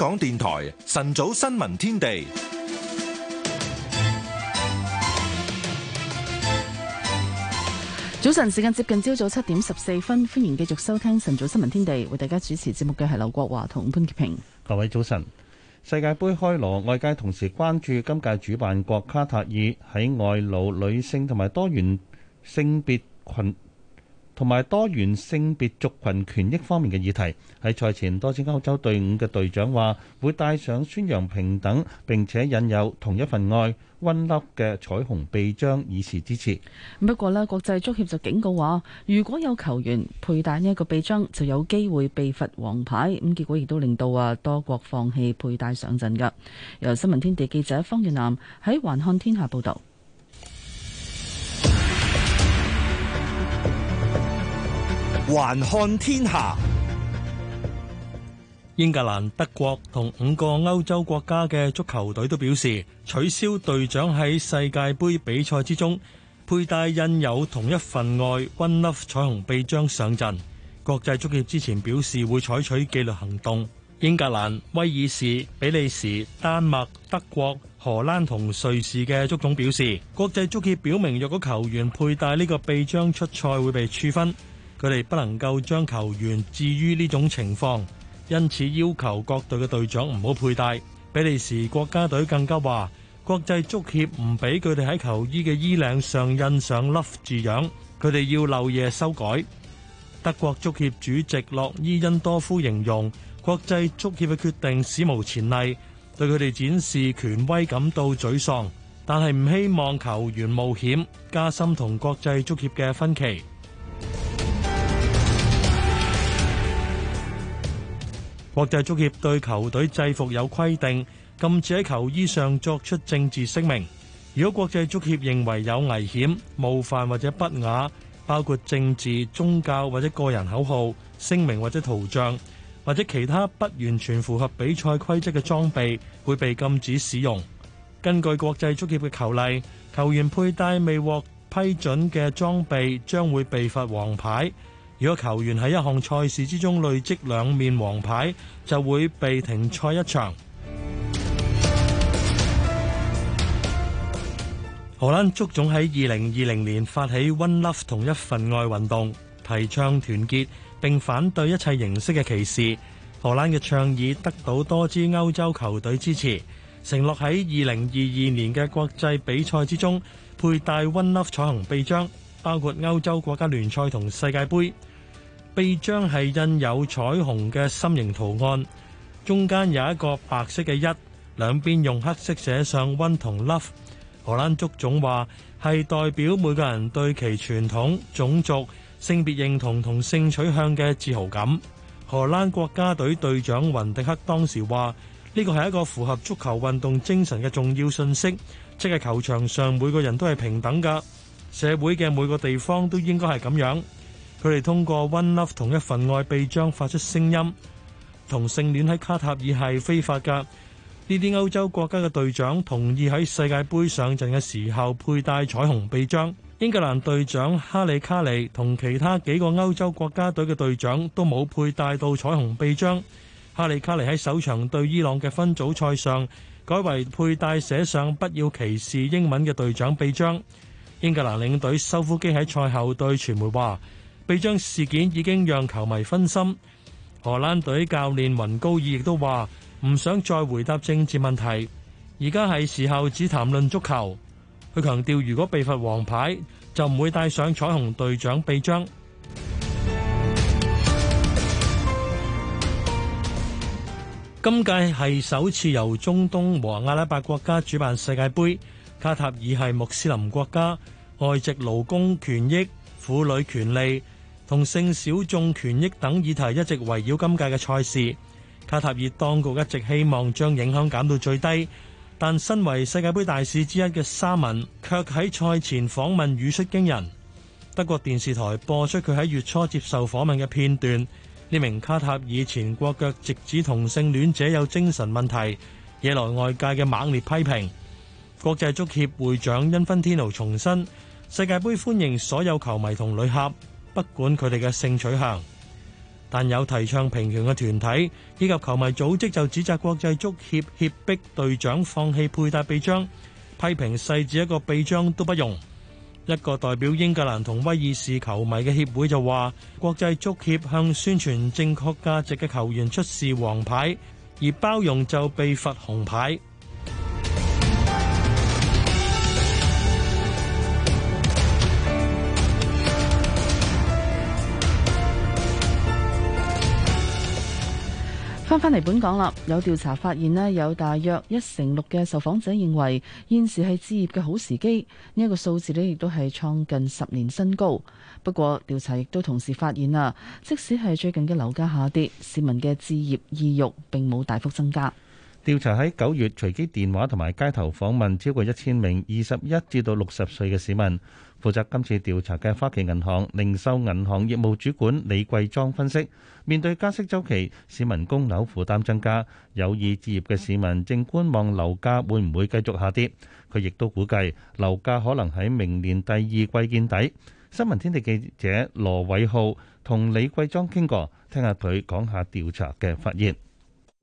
香港電台晨早新聞天地，早晨時間接近朝早七點十四分，歡迎繼續收聽晨早新聞天地，為大家主持節目嘅係劉國華同潘潔平。各位早晨，世界杯開鑼，外界同時關注今屆主辦國卡塔爾喺外勞女性同埋多元性別群。同埋多元性別族群權益方面嘅議題，喺賽前多支歐洲隊伍嘅隊長話會帶上宣揚平等，並且引有同一份愛溫粒嘅彩虹臂章以示支持。不過，呢國際足協就警告話，如果有球員佩戴呢一個臂章，就有機會被罰黃牌。咁結果亦都令到啊多國放棄佩戴上陣噶。由新聞天地記者方月南喺環看天下報道。還看天下。英格蘭、德國同五個歐洲國家嘅足球隊都表示取消隊長喺世界杯比賽之中佩戴印有同一份 One Love 彩虹臂章上陣。國際足協之前表示會採取紀律行動。英格蘭、威爾士、比利時、丹麥、德國、荷蘭同瑞士嘅足總表示，國際足協表明若果球員佩戴呢個臂章出賽會被處分。佢哋不能夠將球員置於呢種情況，因此要求各隊嘅隊長唔好佩戴。比利時國家隊更加話，國際足協唔俾佢哋喺球衣嘅衣領上印上 Love 字樣，佢哋要漏夜修改。德國足協主席諾伊恩多夫形容，國際足協嘅決定史無前例，對佢哋展示權威感到沮喪，但係唔希望球員冒險，加深同國際足協嘅分歧。國際足協對球隊製服有規定，禁止喺球衣上作出政治聲明。如果國際足協認為有危險、冒犯或者不雅，包括政治、宗教或者個人口號、聲明或者圖像或者其他不完全符合比賽規則嘅裝備，會被禁止使用。根據國際足協嘅球例，球員佩戴未獲批准嘅裝備將會被罰黃牌。如果球員喺一項賽事之中累積兩面黃牌，就會被停賽一場。荷蘭足總喺二零二零年發起 One Love 同一份愛運動，提倡團結並反對一切形式嘅歧視。荷蘭嘅倡議得到多支歐洲球隊支持，承諾喺二零二二年嘅國際比賽之中佩戴 One Love 彩虹臂章，包括歐洲國家聯賽同世界盃。臂章係印有彩虹嘅心形圖案，中間有一個白色嘅一，兩邊用黑色寫上 One 同 love。荷蘭足總話係代表每個人對其傳統、種族、性別認同同性取向嘅自豪感。荷蘭國家隊隊長雲迪克當時話：呢個係一個符合足球運動精神嘅重要信息，即係球場上每個人都係平等噶，社會嘅每個地方都應該係咁樣。佢哋通過 One Love 同一份愛臂章發出聲音。同性戀喺卡塔爾係非法㗎。呢啲歐洲國家嘅隊長同意喺世界盃上陣嘅時候佩戴彩虹臂章。英格蘭隊長哈利卡尼同其他幾個歐洲國家隊嘅隊長都冇佩戴到彩虹臂章。哈利卡尼喺首場對伊朗嘅分組賽上，改為佩戴寫上不要歧視英文嘅隊長臂章。英格蘭領隊修夫基喺賽後對傳媒話。臂章事件已經讓球迷分心，荷蘭隊教練雲高爾亦都話唔想再回答政治問題，而家係時候只談論足球。佢強調，如果被罰黃牌，就唔會帶上彩虹隊長臂章。今屆係首次由中東和阿拉伯國家主辦世界杯，卡塔爾係穆斯林國家，外籍勞工權益、婦女權利。同性小眾權益等議題一直圍繞今屆嘅賽事。卡塔爾當局一直希望將影響減到最低，但身為世界盃大使之一嘅沙文卻喺賽前訪問語出驚人。德國電視台播出佢喺月初接受訪問嘅片段，呢名卡塔爾前國腳直指同性戀者有精神問題，惹來外界嘅猛烈批評。國際足協會長因芬天奴重申，世界盃歡迎所有球迷同旅客。不管佢哋嘅性取向，但有提倡平權嘅團體以及球迷組織就指責國際足協脅迫隊長放棄佩戴臂章，批評細至一個臂章都不用。一個代表英格蘭同威爾士球迷嘅協會就話，國際足協向宣傳正確價值嘅球員出示黃牌，而包容就被罰紅牌。翻翻嚟本港啦，有調查發現呢有大約一成六嘅受訪者認為現時係置業嘅好時機，呢一個數字呢亦都係創近十年新高。不過調查亦都同時發現啊，即使係最近嘅樓價下跌，市民嘅置業意欲並冇大幅增加。調查喺九月隨機電話同埋街頭訪問超過一千名二十一至到六十歲嘅市民。負責今次調查嘅花旗銀行零售銀行業務主管李桂莊分析，面對加息週期，市民供樓負擔增加，有意置業嘅市民正觀望樓價會唔會繼續下跌。佢亦都估計樓價可能喺明年第二季見底。新聞天地記者羅偉浩同李桂莊傾過，聽下佢講下調查嘅發現。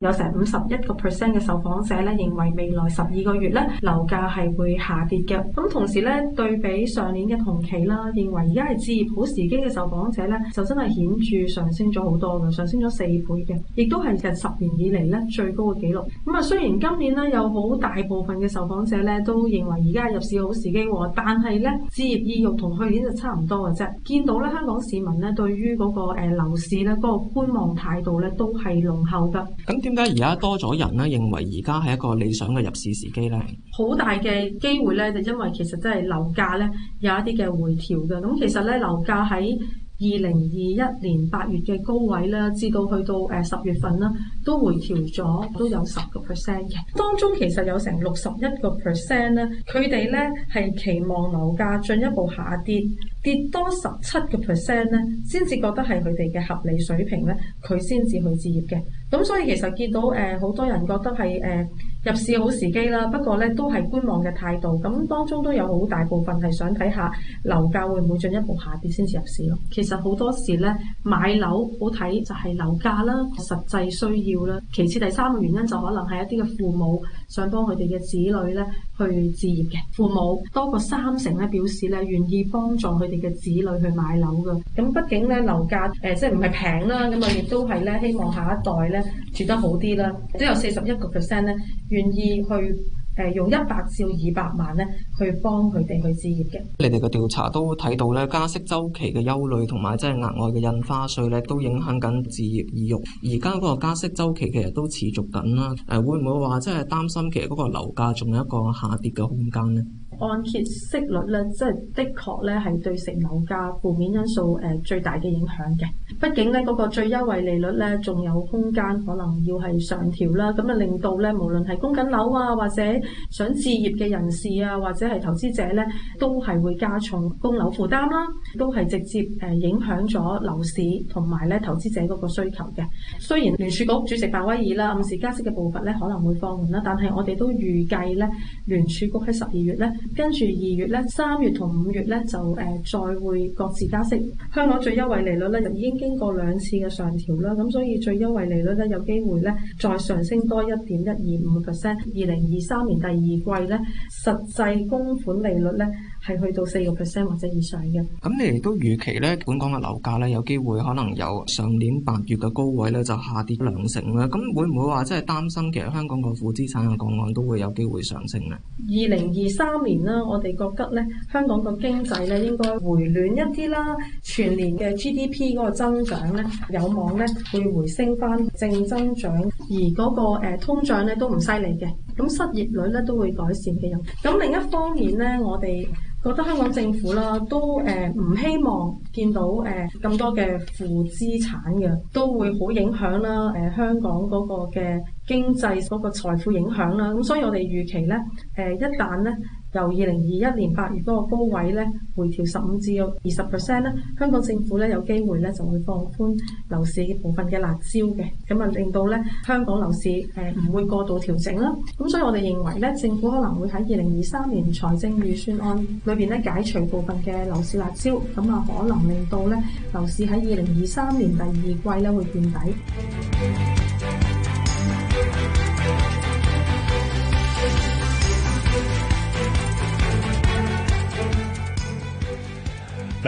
有成五十一個 percent 嘅受訪者咧，認為未來十二個月咧，樓價係會下跌嘅。咁同時咧，對比上年嘅同期啦，認為而家係置業好時機嘅受訪者咧，就真係顯著上升咗好多嘅，上升咗四倍嘅，亦都係近十年以嚟咧最高嘅紀錄。咁啊，雖然今年咧有好大部分嘅受訪者咧都認為而家係入市好時機，但係咧置業意欲同去年就差唔多嘅啫。見到咧香港市民咧對於嗰個誒、呃、樓市咧嗰個觀望態度咧都係濃厚嘅。嗯點解而家多咗人咧？認為而家係一個理想嘅入市時機咧？好大嘅機會咧，就因為其實即係樓價咧有一啲嘅回調嘅。咁其實咧樓價喺二零二一年八月嘅高位啦，至到去到誒十月份啦，都回調咗，都有十個 percent 嘅。當中其實有成六十一個 percent 咧，佢哋咧係期望樓價進一步下跌，跌多十七個 percent 咧，先至覺得係佢哋嘅合理水平咧，佢先至去置業嘅。咁所以其實見到誒，好、呃、多人覺得係誒。呃入市好時機啦，不過呢都係觀望嘅態度。咁當中都有好大部分係想睇下樓價會唔會進一步下跌先至入市囉。其實好多時呢，買樓好睇就係樓價啦，實際需要啦。其次，第三個原因就可能係一啲嘅父母。想幫佢哋嘅子女咧，去置業嘅父母多過三成咧，表示咧，願意幫助佢哋嘅子女去買樓噶。咁畢竟咧，樓價誒、呃、即係唔係平啦，咁啊亦都係咧，希望下一代咧，住得好啲啦。都有四十一個 percent 咧願意去。誒用一百兆二百萬咧，去幫佢哋去置業嘅。你哋嘅調查都睇到咧，加息周期嘅憂慮同埋即係額外嘅印花稅咧，都影響緊置業意欲。而家嗰個加息周期其實都持續緊啦。誒、呃，會唔會話即係擔心其實嗰個樓價仲有一個下跌嘅空間咧？按揭息率咧，即係的確咧，係對成樓價負面因素誒最大嘅影響嘅。畢竟咧，嗰個最優惠利率咧，仲有空間，可能要係上調啦。咁啊，令到咧，無論係供緊樓啊，或者想置業嘅人士啊，或者係投資者咧，都係會加重供樓負擔啦，都係直接誒影響咗樓市同埋咧投資者嗰個需求嘅。雖然聯儲局主席鮑威爾啦暗示加息嘅步伐咧可能會放緩啦，但係我哋都預計咧聯儲局喺十二月咧。跟住二月咧，三月同五月咧就誒、呃、再會各自加息。香港最優惠利率咧，已經經過兩次嘅上調啦，咁所以最優惠利率咧有機會咧再上升多一點一二五個 percent。二零二三年第二季咧，實際供款利率咧，係去到四個 percent 或者以上嘅。咁你哋都預期咧，本港嘅樓價咧有機會可能由上年八月嘅高位咧就下跌兩成咧。咁會唔會話即係擔心其實香港負資產嘅個案都會有機會上升呢？二零二三年啦，我哋覺得咧香港個經濟咧應該回暖一啲啦。全年嘅 GDP 嗰個增長咧有望咧會回升翻正增長，而嗰、嗰個、呃、通脹咧都唔犀利嘅。咁失業率咧都會改善嘅。咁另一方面咧，我哋。覺得香港政府啦，都誒唔希望見到誒咁多嘅負資產嘅，都會好影響啦誒香港嗰個嘅經濟嗰個財富影響啦，咁所以我哋預期咧誒一旦咧，由二零二一年八月嗰個高位咧，回調十五至二十 percent 咧，香港政府咧有機會咧就會放寬樓市部分嘅辣招嘅，咁啊令到咧香港樓市誒唔會過度調整啦。咁所以我哋認為咧，政府可能會喺二零二三年財政預算案裏邊咧解除部分嘅樓市辣招，咁啊可能令到咧樓市喺二零二三年第二季咧會見底。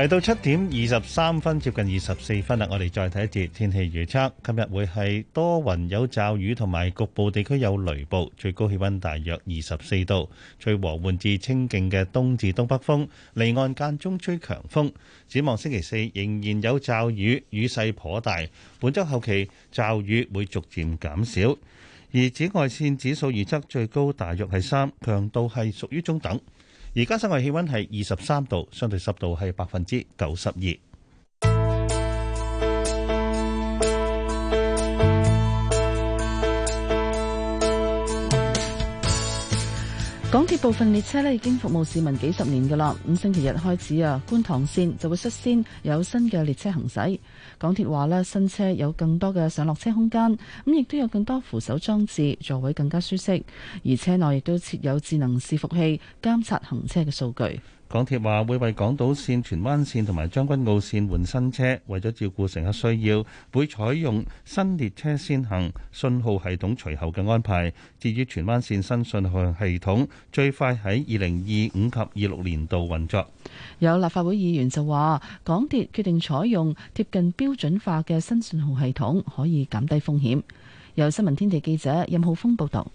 嚟到七點二十三分，接近二十四分啦。我哋再睇一節天氣預測。今日會係多雲有驟雨，同埋局部地區有雷暴。最高氣温大約二十四度，最和緩至清勁嘅東至東北風，離岸間中吹強風。展望星期四仍然有驟雨，雨勢頗大。本周後期驟雨會逐漸減少，而紫外線指數預測最高大約係三，強度係屬於中等。而家室外氣溫係二十三度，相對濕度係百分之九十二。港鐵部分列車呢已經服務市民幾十年㗎喇，咁星期日開始啊，觀塘線就會率先有新嘅列車行駛。港鐵話咧，新車有更多嘅上落車空間，咁亦都有更多扶手裝置，座位更加舒適，而車內亦都設有智能伺服器監察行車嘅數據。港鐵話會為港島綫、荃灣綫同埋將軍澳綫換新車，為咗照顧乘客需要，會採用新列車先行、信號系統隨後嘅安排。至於荃灣綫新信號系統，最快喺二零二五及二六年度運作。有立法會議員就話，港鐵決定採用貼近標準化嘅新信號系統，可以減低風險。由新聞天地記者任浩峰報道。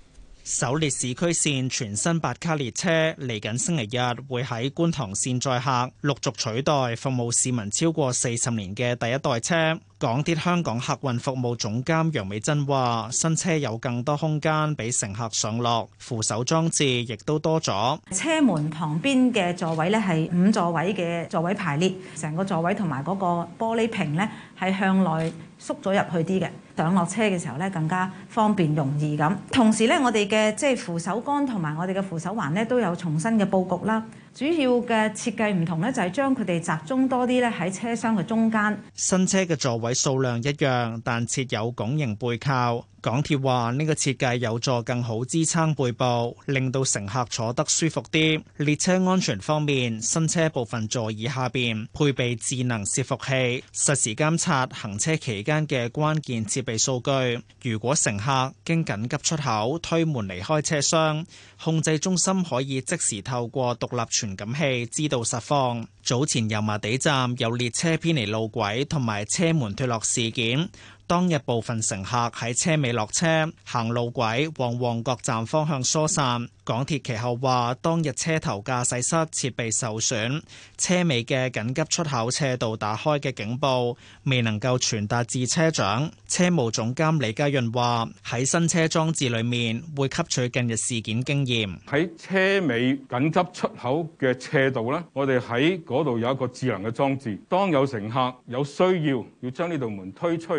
首列市區綫全新八卡列車嚟緊星期日會喺觀塘綫載客，陸續取代服務市民超過四十年嘅第一代車。港鐵香港客運服務總監楊美珍話，新車有更多空間俾乘客上落，扶手裝置亦都多咗。車門旁邊嘅座位咧係五座位嘅座位排列，成個座位同埋嗰個玻璃屏咧係向內縮咗入去啲嘅。上落車嘅時候咧，更加方便容易咁。同時呢，我哋嘅即係扶手桿同埋我哋嘅扶手環咧，都有重新嘅佈局啦。主要嘅設計唔同呢，就係將佢哋集中多啲呢喺車廂嘅中間。新車嘅座位數量一樣，但設有拱形背靠。港鐵話呢個設計有助更好支撐背部，令到乘客坐得舒服啲。列車安全方面，新車部分座椅下邊配備智能伺服器，實時監察行車期間嘅關鍵設。被數據，如果乘客經緊急出口推門離開車廂，控制中心可以即時透過獨立傳感器知道實況。早前油麻地站有列車偏離路軌同埋車門脫落事件。當日部分乘客喺車尾落車，行路軌往旺角站方向疏散。港鐵其後話，當日車頭駕駛室設備受損，車尾嘅緊急出口斜道打開嘅警報未能夠傳達至車長。車務總監李家潤話：喺新車裝置裏面會吸取近日事件經驗。喺車尾緊急出口嘅斜道呢，我哋喺嗰度有一個智能嘅裝置，當有乘客有需要要將呢道門推出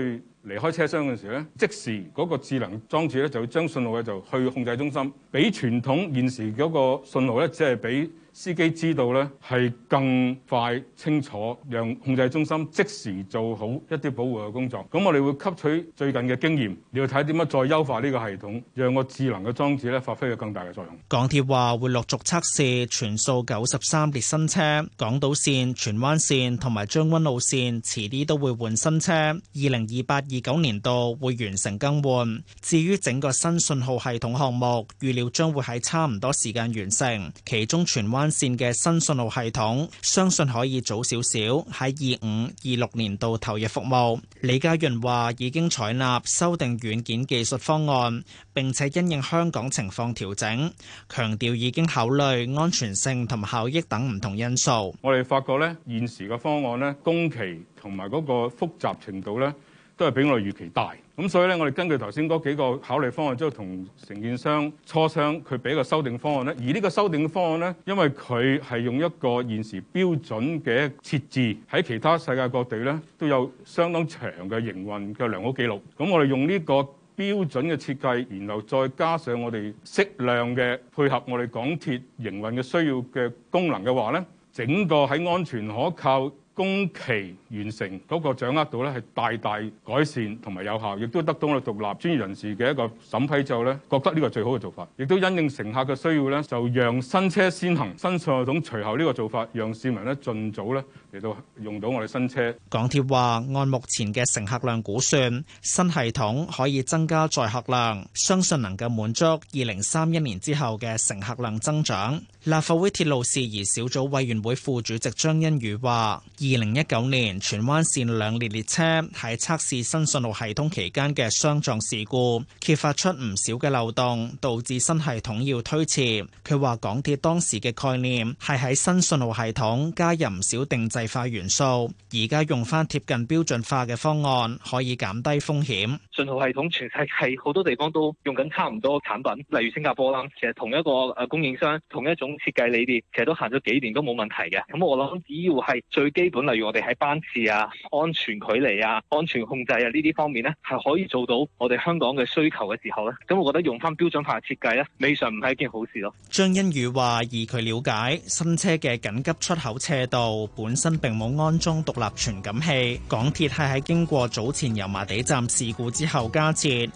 離開車廂嘅時候咧，即時嗰個智能裝置咧就會將信號咧就去控制中心，比傳統現時嗰個信號咧只係比。司機知道呢係更快清楚，讓控制中心即時做好一啲保護嘅工作。咁我哋會吸取最近嘅經驗，你要睇點樣再優化呢個系統，讓個智能嘅裝置咧發揮咗更大嘅作用。港鐵話會陸續測試全數九十三列新車，港島線、荃灣線同埋將軍澳線遲啲都會換新車，二零二八二九年度會完成更換。至於整個新信號系統項目，預料將會喺差唔多時間完成，其中荃灣新線嘅新信號系統，相信可以早少少喺二五、二六年度投入服務。李家潤話已經採納修訂軟件技術方案，並且因應香港情況調整，強調已經考慮安全性同效益等唔同因素。我哋發覺呢，現時嘅方案呢，工期同埋嗰個複雜程度呢，都係比我預期大，咁所以呢，我哋根據頭先嗰幾個考慮方案之後，同承建商磋商佢俾個修訂方案呢。而呢個修訂方案呢，因為佢係用一個現時標準嘅設置，喺其他世界各地呢都有相當長嘅營運嘅良好記錄。咁我哋用呢個標準嘅設計，然後再加上我哋適量嘅配合我哋港鐵營運嘅需要嘅功能嘅話呢，整個喺安全可靠。工期完成嗰個掌握度咧，係大大改善同埋有效，亦都得到我獨立專業人士嘅一個審批之後咧，覺得呢個最好嘅做法，亦都因應乘客嘅需要咧，就讓新車先行，新系統隨後呢個做法，讓市民咧盡早咧嚟到用到我哋新車。港鐵話，按目前嘅乘客量估算，新系統可以增加載客量，相信能夠滿足二零三一年之後嘅乘客量增長。立法會鐵路事宜小組委員會副主席張欣宇話，二零一九年荃灣線兩列列車喺測試新信號系統期間嘅相撞事故，揭發出唔少嘅漏洞，導致新系統要推遲。佢話港鐵當時嘅概念係喺新信號系統加入唔少定製化元素，而家用返貼近標準化嘅方案，可以減低風險。信號系統全世界好多地方都用緊差唔多產品，例如新加坡啦，其實同一個誒供應商，同一種。設計你哋其實都行咗幾年都冇問題嘅，咁我諗只要係最基本，例如我哋喺班次啊、安全距離啊、安全控制啊呢啲方面呢，係可以做到我哋香港嘅需求嘅時候呢。咁我覺得用翻標準化設計呢，未嘗唔係一件好事咯。張欣宇話，以佢了解，新車嘅緊急出口車道本身並冇安裝獨立傳感器，港鐵係喺經過早前油麻地站事故之後加設。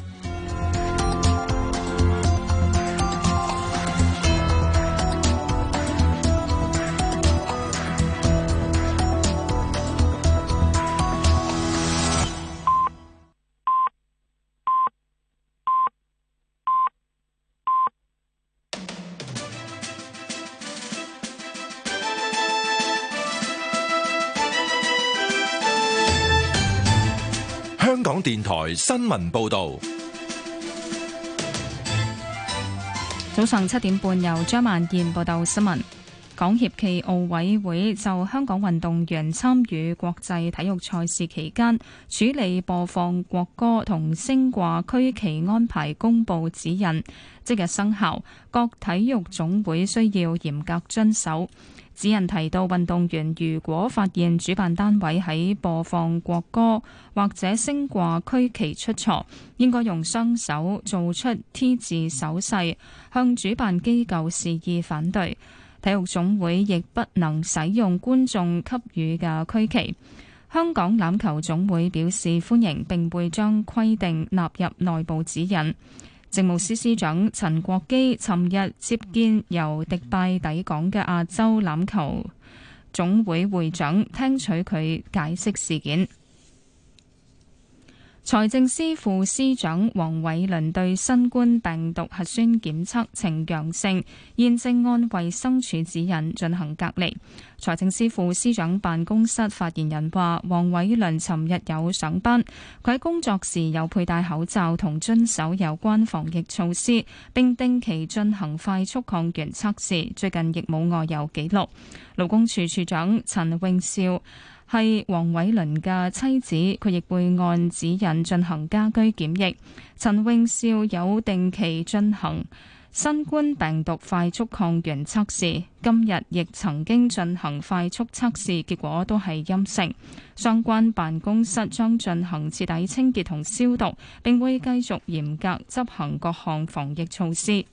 港電台新聞報道，早上七點半由張曼燕報道新聞。港協暨奧委會就香港運動員參與國際體育賽事期間處理播放國歌同升掛區旗安排公布指引，即日生效。各體育總會需要嚴格遵守。指引提到，運動員如果發現主辦單位喺播放國歌或者升掛區旗出錯，應該用雙手做出 T 字手勢向主辦機構示意反對。體育總會亦不能使用觀眾給予嘅區旗。香港欖球總會表示歡迎並會將規定納入內部指引。政務司司長陳國基尋日接見由迪拜抵港嘅亞洲欖球總會會長，聽取佢解釋事件。財政司副司長黃偉綸對新冠病毒核酸檢測呈陽性，現正按衛生署指引進行隔離。財政司副司長辦公室發言人話：黃偉綸尋日有上班，佢喺工作時有佩戴口罩同遵守有關防疫措施，並定期進行快速抗原測試，最近亦冇外遊記錄。勞工處處長陳永少。係黃偉倫嘅妻子，佢亦會按指引進行家居檢疫。陳永少有定期進行新冠病毒快速抗原測試，今日亦曾經進行快速測試，結果都係陰性。相關辦公室將進行徹底清潔同消毒，並會繼續嚴格執行各項防疫措施。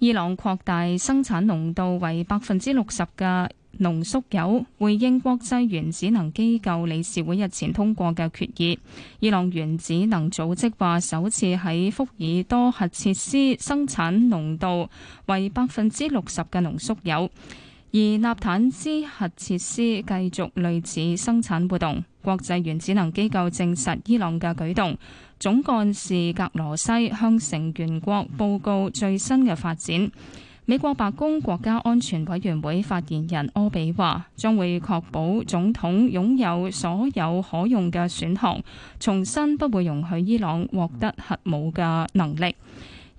伊朗擴大生產濃度為百分之六十嘅濃縮鈾，回應國際原子能機構理事會日前通過嘅決議，伊朗原子能組織話首次喺福爾多核設施生產濃度為百分之六十嘅濃縮鈾，而納坦茲核設施繼續類似生產活動。國際原子能機構證實伊朗嘅舉動，總幹事格羅西向成員國報告最新嘅發展。美國白宮國家安全委員會發言人柯比話，將會確保總統擁有所有可用嘅選項，重申不會容許伊朗獲得核武嘅能力。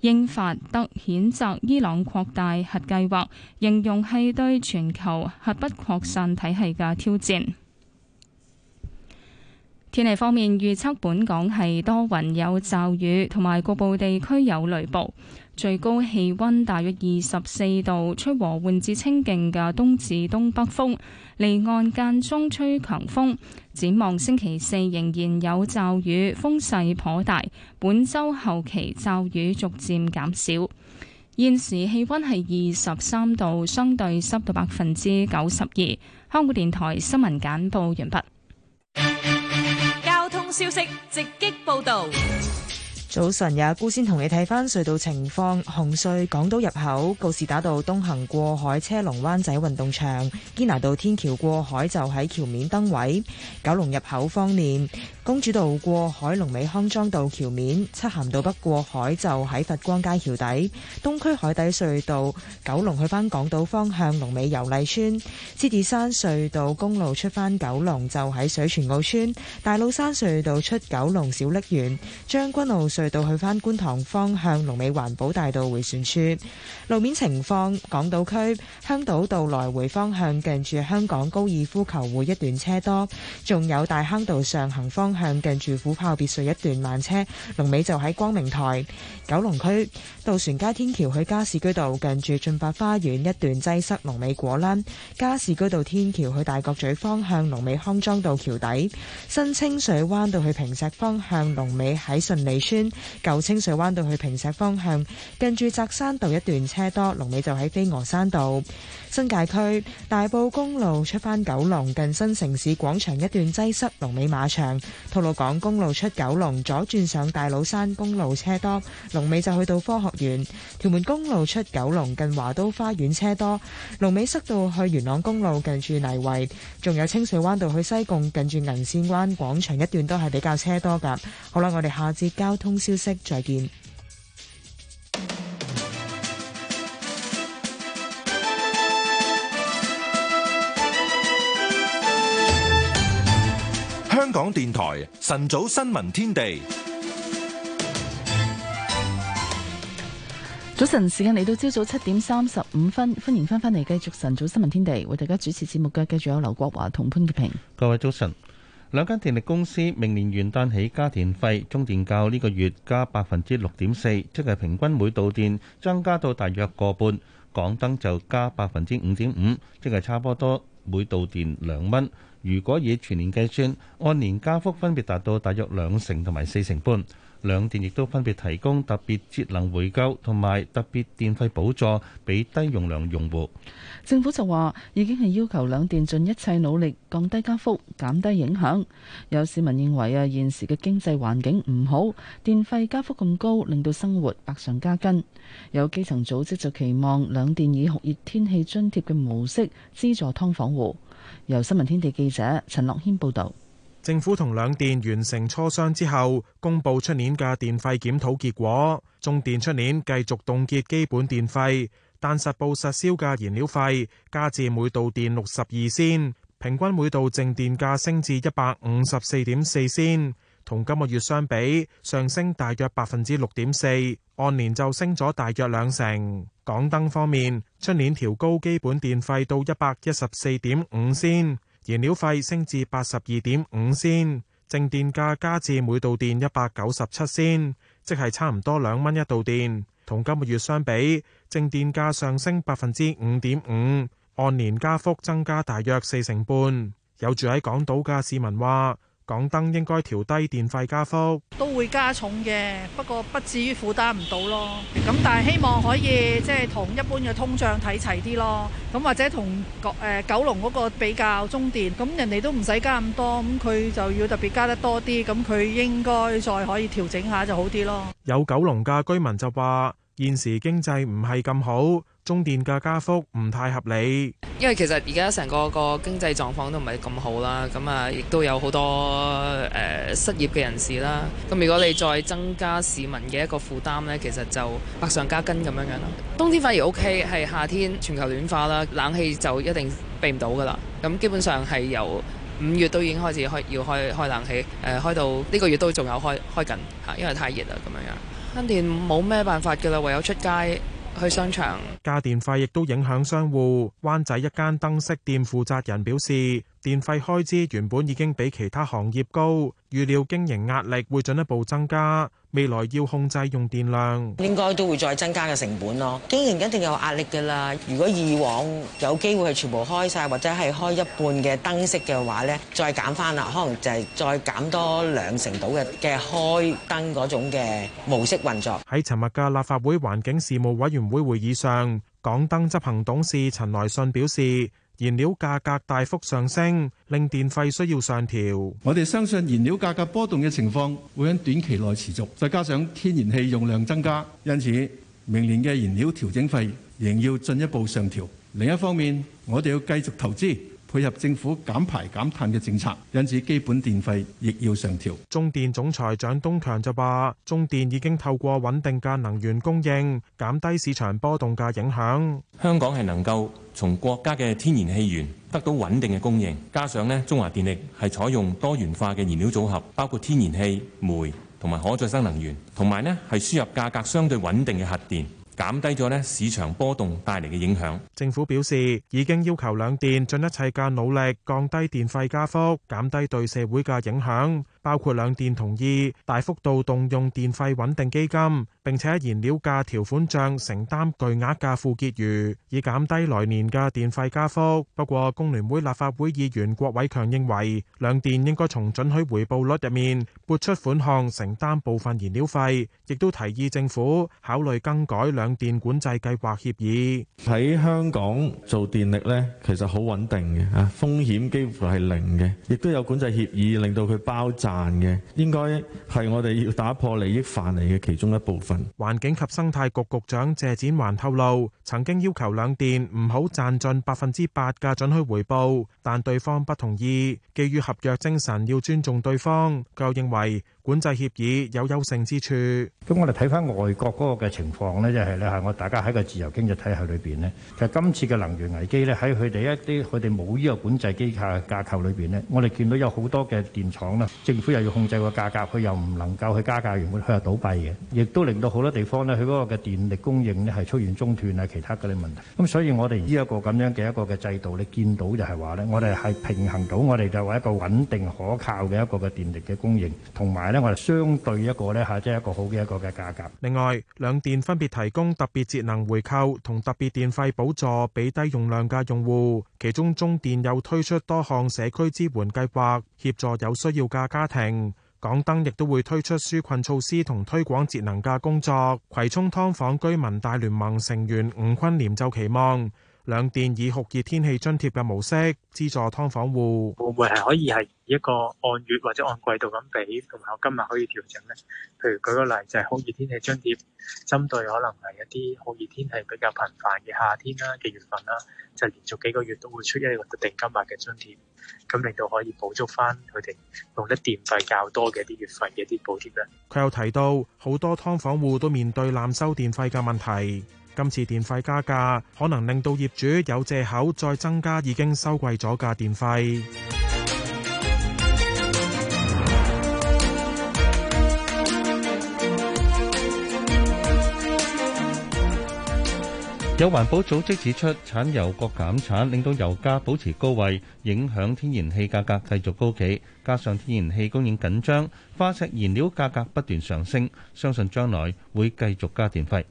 英法德譴責伊朗擴大核計劃，形容係對全球核不擴散體系嘅挑戰。天氣方面，預測本港係多雲有驟雨，同埋局部地區有雷暴。最高氣溫大約二十四度，吹和緩至清勁嘅東至東北風，離岸間中吹強風。展望星期四仍然有驟雨，風勢頗大。本周後期驟雨逐漸減少。現時氣溫係二十三度，相對濕度百分之九十二。香港電台新聞簡報完畢。交通消息直擊報道。早晨呀，姑先同你睇翻隧道情況。紅隧港島入口告士打道東行過海，車龍灣仔運動場堅拿道天橋過海就喺橋面燈位。九龍入口方面，公主道過海龍尾康莊道橋面，漆鹹道北過海就喺佛光街橋底。東區海底隧道九龍去返港島方向龍尾油麗村，獅子山隧道公路出返九龍就喺水泉澳村，大老山隧道出九龍小瀝園將軍澳。去到去翻觀塘方向，龍尾環保大道回旋處路面情況。港島區香島道來回方向近住香港高爾夫球會一段車多，仲有大坑道上行方向近住虎豹別墅一段慢車。龍尾就喺光明台，九龍區渡船街天橋去加士居道近住駿發花園一段擠塞龍，龍尾果欄。加士居道天橋去大角咀方向，龍尾康莊道橋底。新清水灣道去坪石方向，龍尾喺順利邨。舊清水灣道去坪石方向，近住澤山道一段車多，龍尾就喺飛鵝山道。新界區大埔公路出返九龍近新城市廣場一段擠塞，龍尾馬場；吐露港公路出九龍左轉上大老山公路車多，龍尾就去到科學園；屯門公路出九龍近華都花園車多，龍尾塞到去元朗公路近住泥圍；仲有清水灣道去西貢近住銀線灣廣場一段都係比較車多㗎。好啦，我哋下節交通消息再見。香港電台晨早新聞天地，早晨時間嚟到朝早七點三十五分，歡迎翻翻嚟繼續晨早新聞天地，為大家主持節目嘅繼續有劉國華同潘潔平。各位早晨，兩間電力公司明年元旦起加電費，中電較呢個月加百分之六點四，即係平均每度電增加到大約個半；港燈就加百分之五點五，即係差唔多每度電兩蚊。如果以全年計算，按年加幅分別達到大約兩成同埋四成半，兩電亦都分別提供特別節能回購同埋特別電費補助俾低用量用戶。政府就話已經係要求兩電盡一切努力降低加幅，減低影響，有市民認為啊，現時嘅經濟環境唔好，電費加幅咁高，令到生活百上加斤。有基層組織就期望兩電以酷熱天氣津貼嘅模式資助劏房戶。由新聞天地記者陳樂軒報道，政府同兩電完成磋商之後，公布出年嘅電費檢討結果，中電出年繼續凍結基本電費，但實報實銷嘅燃料費加至每度電六十二仙，平均每度淨電價升至一百五十四點四仙。同今個月相比，上升大約百分之六點四，按年就升咗大約兩成。港燈方面，出年調高基本電費到一百一十四點五仙，燃料費升至八十二點五仙，正電價加至每度電一百九十七仙，即係差唔多兩蚊一度電。同今個月相比，正電價上升百分之五點五，按年加幅增加大約四成半。有住喺港島嘅市民話。港燈應該調低電費加幅，都會加重嘅，不過不至於負擔唔到咯。咁但係希望可以即係同一般嘅通脹睇齊啲咯。咁或者同九誒九龍嗰個比較中電，咁人哋都唔使加咁多，咁佢就要特別加得多啲，咁佢應該再可以調整下就好啲咯。有九龍嘅居民就話，現時經濟唔係咁好。中電嘅加幅唔太合理，因為其實而家成個個經濟狀況都唔係咁好啦，咁啊亦都有好多誒、呃、失業嘅人士啦。咁如果你再增加市民嘅一個負擔咧，其實就百上加斤咁樣樣啦。冬天反而 OK，係夏天全球暖化啦，冷氣就一定避唔到噶啦。咁基本上係由五月都已經開始開要開開冷氣，誒、呃、開到呢個月都仲有開開緊吓，因為太熱啦咁樣樣。慳電冇咩辦法噶啦，唯有出街。去商場，加電費亦都影響商戶。灣仔一間燈飾店負責人表示。電費開支原本已經比其他行業高，預料經營壓力會進一步增加。未來要控制用電量，應該都會再增加嘅成本咯。經營一定有壓力噶啦。如果以往有機會係全部開晒，或者係開一半嘅燈飾嘅話呢，再減翻啦，可能就係再減多兩成度嘅嘅開燈嗰種嘅模式運作。喺尋日嘅立法會環境事務委員會會議上，港燈執行董事陳來信表示。燃料價格大幅上升，令電費需要上調。我哋相信燃料價格波動嘅情況會喺短期內持續，再加上天然氣用量增加，因此明年嘅燃料調整費仍要進一步上調。另一方面，我哋要繼續投資。配合政府減排減碳嘅政策，因此基本電費亦要上調。中電總裁蔣東強就話，中電已經透過穩定嘅能源供應，減低市場波動嘅影響。香港係能夠從國家嘅天然氣源得到穩定嘅供應，加上呢，中華電力係採用多元化嘅燃料組合，包括天然氣、煤同埋可再生能源，同埋呢係輸入價格相對穩定嘅核電。減低咗呢市場波動帶嚟嘅影響。政府表示已經要求兩電盡一切嘅努力，降低電費加幅，減低對社會嘅影響。包括兩電同意大幅度動用電費穩定基金，並且燃料價條款賬承擔巨額嘅付結餘，以減低來年嘅電費加幅。不過，工聯會立法會議員郭偉強認為，兩電應該從准許回報率入面撥出款項承擔部分燃料費，亦都提議政府考慮更改兩電管制計劃協議。喺香港做電力呢，其實好穩定嘅，啊風險幾乎係零嘅，亦都有管制協議令到佢包賺。難嘅，應該係我哋要打破利益藩籬，嘅其中一部分。環境及生態局局長謝展寰透露，曾經要求兩電唔好賺盡百分之八嘅准許回報，但對方不同意。基於合約精神，要尊重對方，佢認為。管制協議有優勝之處。咁我哋睇翻外國嗰個嘅情況咧，就係咧嚇，我大家喺個自由經濟體系裏邊咧，其實今次嘅能源危機咧，喺佢哋一啲佢哋冇呢個管制機構架構裏邊咧，我哋見到有好多嘅電廠啦，政府又要控制個價格，佢又唔能夠去加價，原本佢又倒閉嘅，亦都令到好多地方咧，佢嗰個嘅電力供應咧係出現中斷啊，其他嗰啲問題。咁所以我哋呢一個咁樣嘅一個嘅制度你見到就係話咧，我哋係平衡到我哋就一個穩定可靠嘅一個嘅電力嘅供應，同埋。我哋相對一個呢，係即係一個好嘅一個嘅價格。另外，兩電分別提供特別節能回購同特別電費補助，俾低用量嘅用戶。其中，中電又推出多項社區支援計劃，協助有需要嘅家庭。港燈亦都會推出紓困措施同推廣節能嘅工作，葵涌劏房居民大聯盟成員吳坤廉就期望。兩電以酷熱天氣津貼嘅模式資助劏房戶，會唔會係可以係一個按月或者按季度咁俾，同埋金額可以調整呢？譬如舉個例就係酷熱天氣津貼，針對可能係一啲酷熱天氣比較頻繁嘅夏天啦嘅月份啦，就連續幾個月都會出一個特定金額嘅津貼，咁令到可以補足翻佢哋用得電費較多嘅啲月份嘅啲補貼咧。佢又提到好多劏房戶都面對濫收電費嘅問題。今次電費加價，可能令到業主有借口再增加已經收貴咗嘅電費。有環保組織指出，產油國減產令到油價保持高位，影響天然氣價格繼續高企，加上天然氣供應緊張，化石燃料價格不斷上升，相信將來會繼續加電費。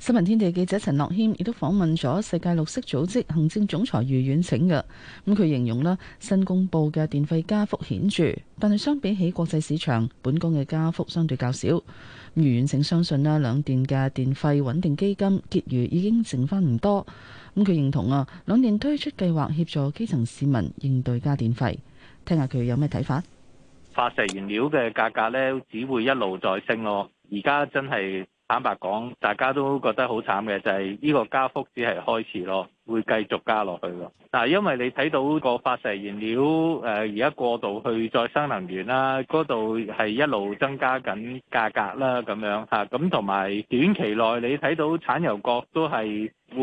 新聞天地記者陳樂謙亦都訪問咗世界綠色組織行政總裁余遠騁嘅，咁佢形容啦，新公布嘅電費加幅顯著，但係相比起國際市場，本港嘅加幅相對較少。余遠騁相信啦，兩電嘅電費穩定基金結餘已經剩翻唔多，咁佢認同啊，兩電推出計劃協助基層市民應對加電費。聽下佢有咩睇法？化石燃料嘅價格咧只會一路再升咯，而家真係。坦白講，大家都覺得好慘嘅，就係、是、呢個加幅只係開始咯，會繼續加落去㗎。但係因為你睇到個化石燃料誒，而、呃、家過度去再生能源啦，嗰度係一路增加緊價格啦，咁樣嚇。咁同埋短期內你睇到產油國都係會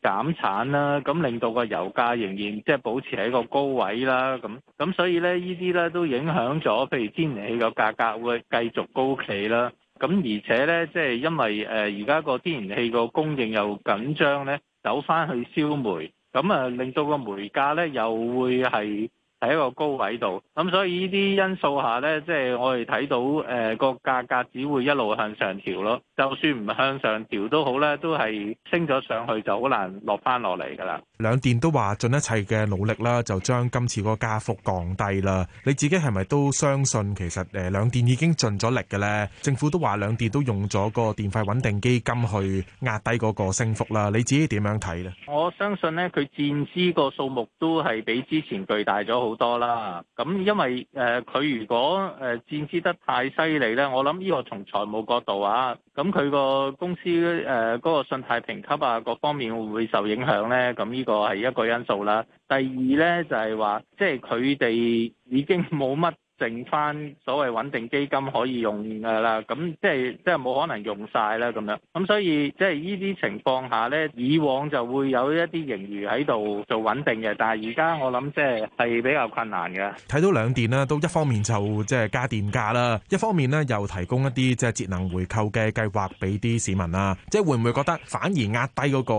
減產啦，咁、啊、令到個油價仍然即係保持喺個高位啦。咁、啊、咁、啊、所以咧，呢啲咧都影響咗，譬如天然氣嘅價格會繼續高企啦。咁而且呢，即係因為誒而家個天然氣個供應又緊張呢，走翻去燒煤，咁啊令到個煤價呢又會係，喺一個高位度，咁所以呢啲因素下呢，即係我哋睇到誒個價格只會一路向上調咯。就算唔向上調都好咧，都係升咗上去就好難落翻落嚟㗎啦。兩電都話盡一切嘅努力啦，就將今次個加幅降低啦。你自己係咪都相信其實誒兩電已經盡咗力嘅咧？政府都話兩電都用咗個電費穩定基金去壓低嗰個升幅啦。你自己點樣睇呢？我相信呢，佢戰資個數目都係比之前巨大咗好多。好多啦，咁因為誒佢、呃、如果誒、呃、戰資得太犀利咧，我諗呢個從財務角度啊，咁佢個公司誒嗰、呃那個信貸評級啊，各方面會唔會受影響咧？咁呢個係一個因素啦。第二咧就係、是、話，即係佢哋已經冇乜。剩翻所謂穩定基金可以用嘅啦，咁即係即係冇可能用曬啦咁樣，咁所以即係呢啲情況下咧，以往就會有一啲盈餘喺度做穩定嘅，但係而家我諗即係係比較困難嘅。睇到兩電啦，都一方面就即係加電價啦，一方面咧又提供一啲即係節能回購嘅計劃俾啲市民啊，即係會唔會覺得反而壓低嗰個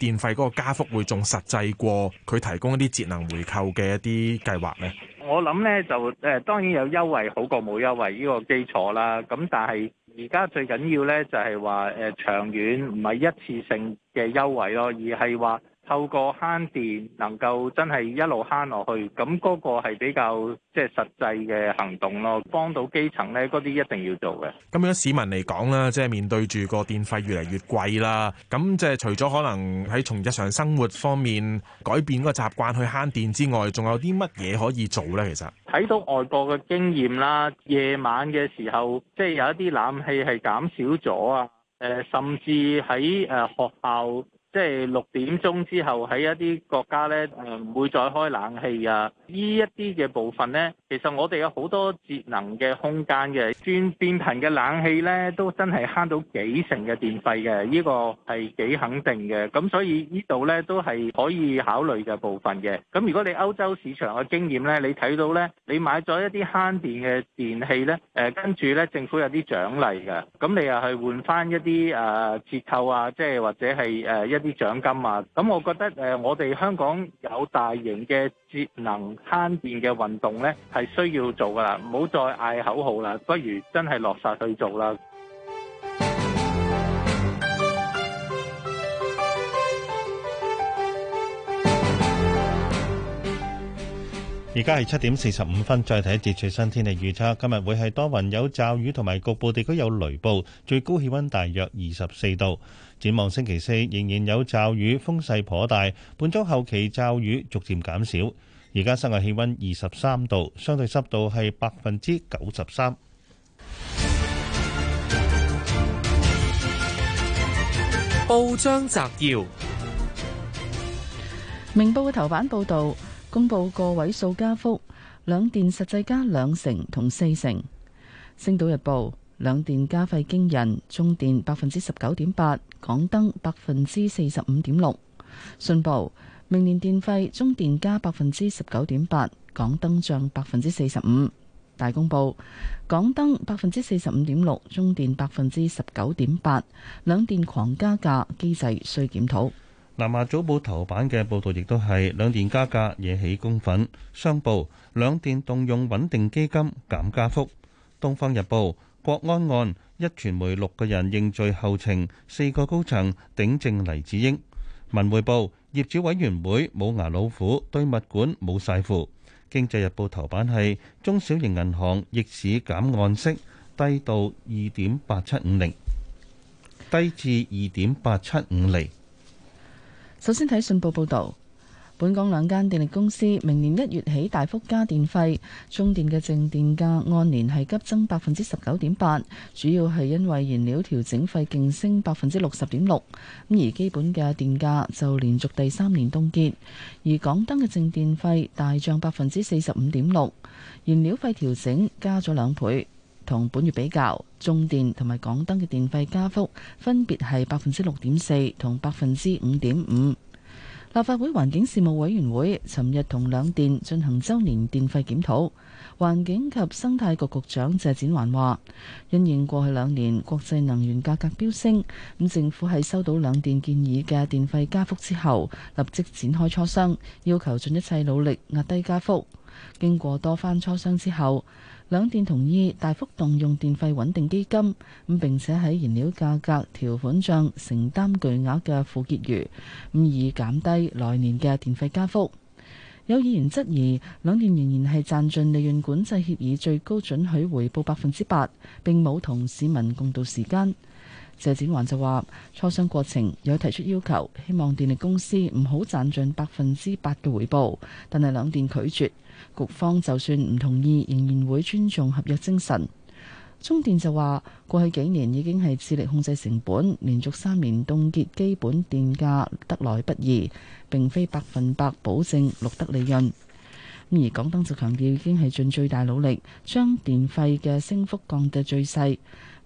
電費嗰個加幅會仲實際過佢提供一啲節能回購嘅一啲計劃咧？我諗咧就誒、呃、當然有優惠好過冇優惠呢個基礎啦，咁但係而家最緊要咧就係話誒長遠唔係一次性嘅優惠咯，而係話，透過慳電能夠真係一路慳落去，咁嗰個係比較即係實際嘅行動咯，幫到基層咧嗰啲一定要做嘅。咁樣市民嚟講啦，即係面對住個電費越嚟越貴啦，咁即係除咗可能喺從日常生活方面改變個習慣去慳電之外，仲有啲乜嘢可以做咧？其實睇到外國嘅經驗啦，夜晚嘅時候即係、就是、有一啲冷氣係減少咗啊，誒，甚至喺誒學校。即係六點鐘之後喺一啲國家呢，誒、嗯、唔會再開冷氣啊！呢一啲嘅部分呢，其實我哋有好多節能嘅空間嘅，轉變頻嘅冷氣呢，都真係慳到幾成嘅電費嘅，呢、呢個係幾肯定嘅。咁所以呢度呢，都係可以考慮嘅部分嘅。咁如果你歐洲市場嘅經驗呢，你睇到呢，你買咗一啲慳電嘅電器呢，誒，跟住呢政府有啲獎勵嘅，咁你又去換翻一啲誒、呃、折扣啊，即係或者係誒一。呃啲獎金啊！咁我覺得誒，我哋香港有大型嘅節能慳電嘅運動呢，係需要做噶啦，唔好再嗌口號啦，不如真係落實去做啦。而家係七點四十五分，再睇一節最新天氣預測。今日會係多雲有驟雨，同埋局部地區有雷暴，最高氣温大約二十四度。展望星期四仍然有驟雨，風勢頗大。本周後期驟雨逐漸減少。而家室外氣溫二十三度，相對濕度係百分之九十三。報章摘要：明報嘅頭版報道公布個位數加幅，兩電實際加兩成同四成。星島日報。兩電加費驚人，中電百分之十九點八，港燈百分之四十五點六。信報明年電費，中電加百分之十九點八，港燈漲百分之四十五。大公報港燈百分之四十五點六，中電百分之十九點八，兩電狂加價機制需檢討。南亞早報頭版嘅報道亦都係兩電加價惹起公憤。商報兩電動用穩定基金減加幅。東方日報。國安案一傳媒六個人認罪後情，四個高層頂正黎智英。文匯報，業主委員會冇牙老虎，對物管冇晒負。經濟日報頭版係中小型銀行逆市減按息，低到二點八七五零，低至二點八七五厘。首先睇信報報道。本港兩間電力公司明年一月起大幅加電費，中電嘅淨電價按年係急增百分之十九點八，主要係因為燃料調整費勁升百分之六十點六，咁而基本嘅電價就連續第三年凍結。而港燈嘅淨電費大漲百分之四十五點六，燃料費調整加咗兩倍，同本月比較，中電同埋港燈嘅電費加幅分別係百分之六點四同百分之五點五。立法會環境事務委員會尋日同兩電進行周年電費檢討，環境及生態局局長謝展寰話，因應過去兩年國際能源價格飆升，咁政府喺收到兩電建議嘅電費加幅之後，立即展開磋商，要求盡一切努力壓低加幅。經過多番磋商之後，兩電同意大幅動用電費穩定基金，咁並且喺燃料價格條款上承擔巨額嘅負結餘，咁以減低來年嘅電費加幅。有議員質疑，兩電仍然係賺盡利潤管制協議最高准許回報百分之八，並冇同市民共度時間。謝展寰就話磋商過程有提出要求，希望電力公司唔好賺盡百分之八嘅回報，但係兩電拒絕，局方就算唔同意，仍然會尊重合約精神。中電就話過去幾年已經係致力控制成本，連續三年凍結基本電價得來不易，並非百分百保證錄得利潤。而港燈就強調已經係盡最大努力，將電費嘅升幅降得最細。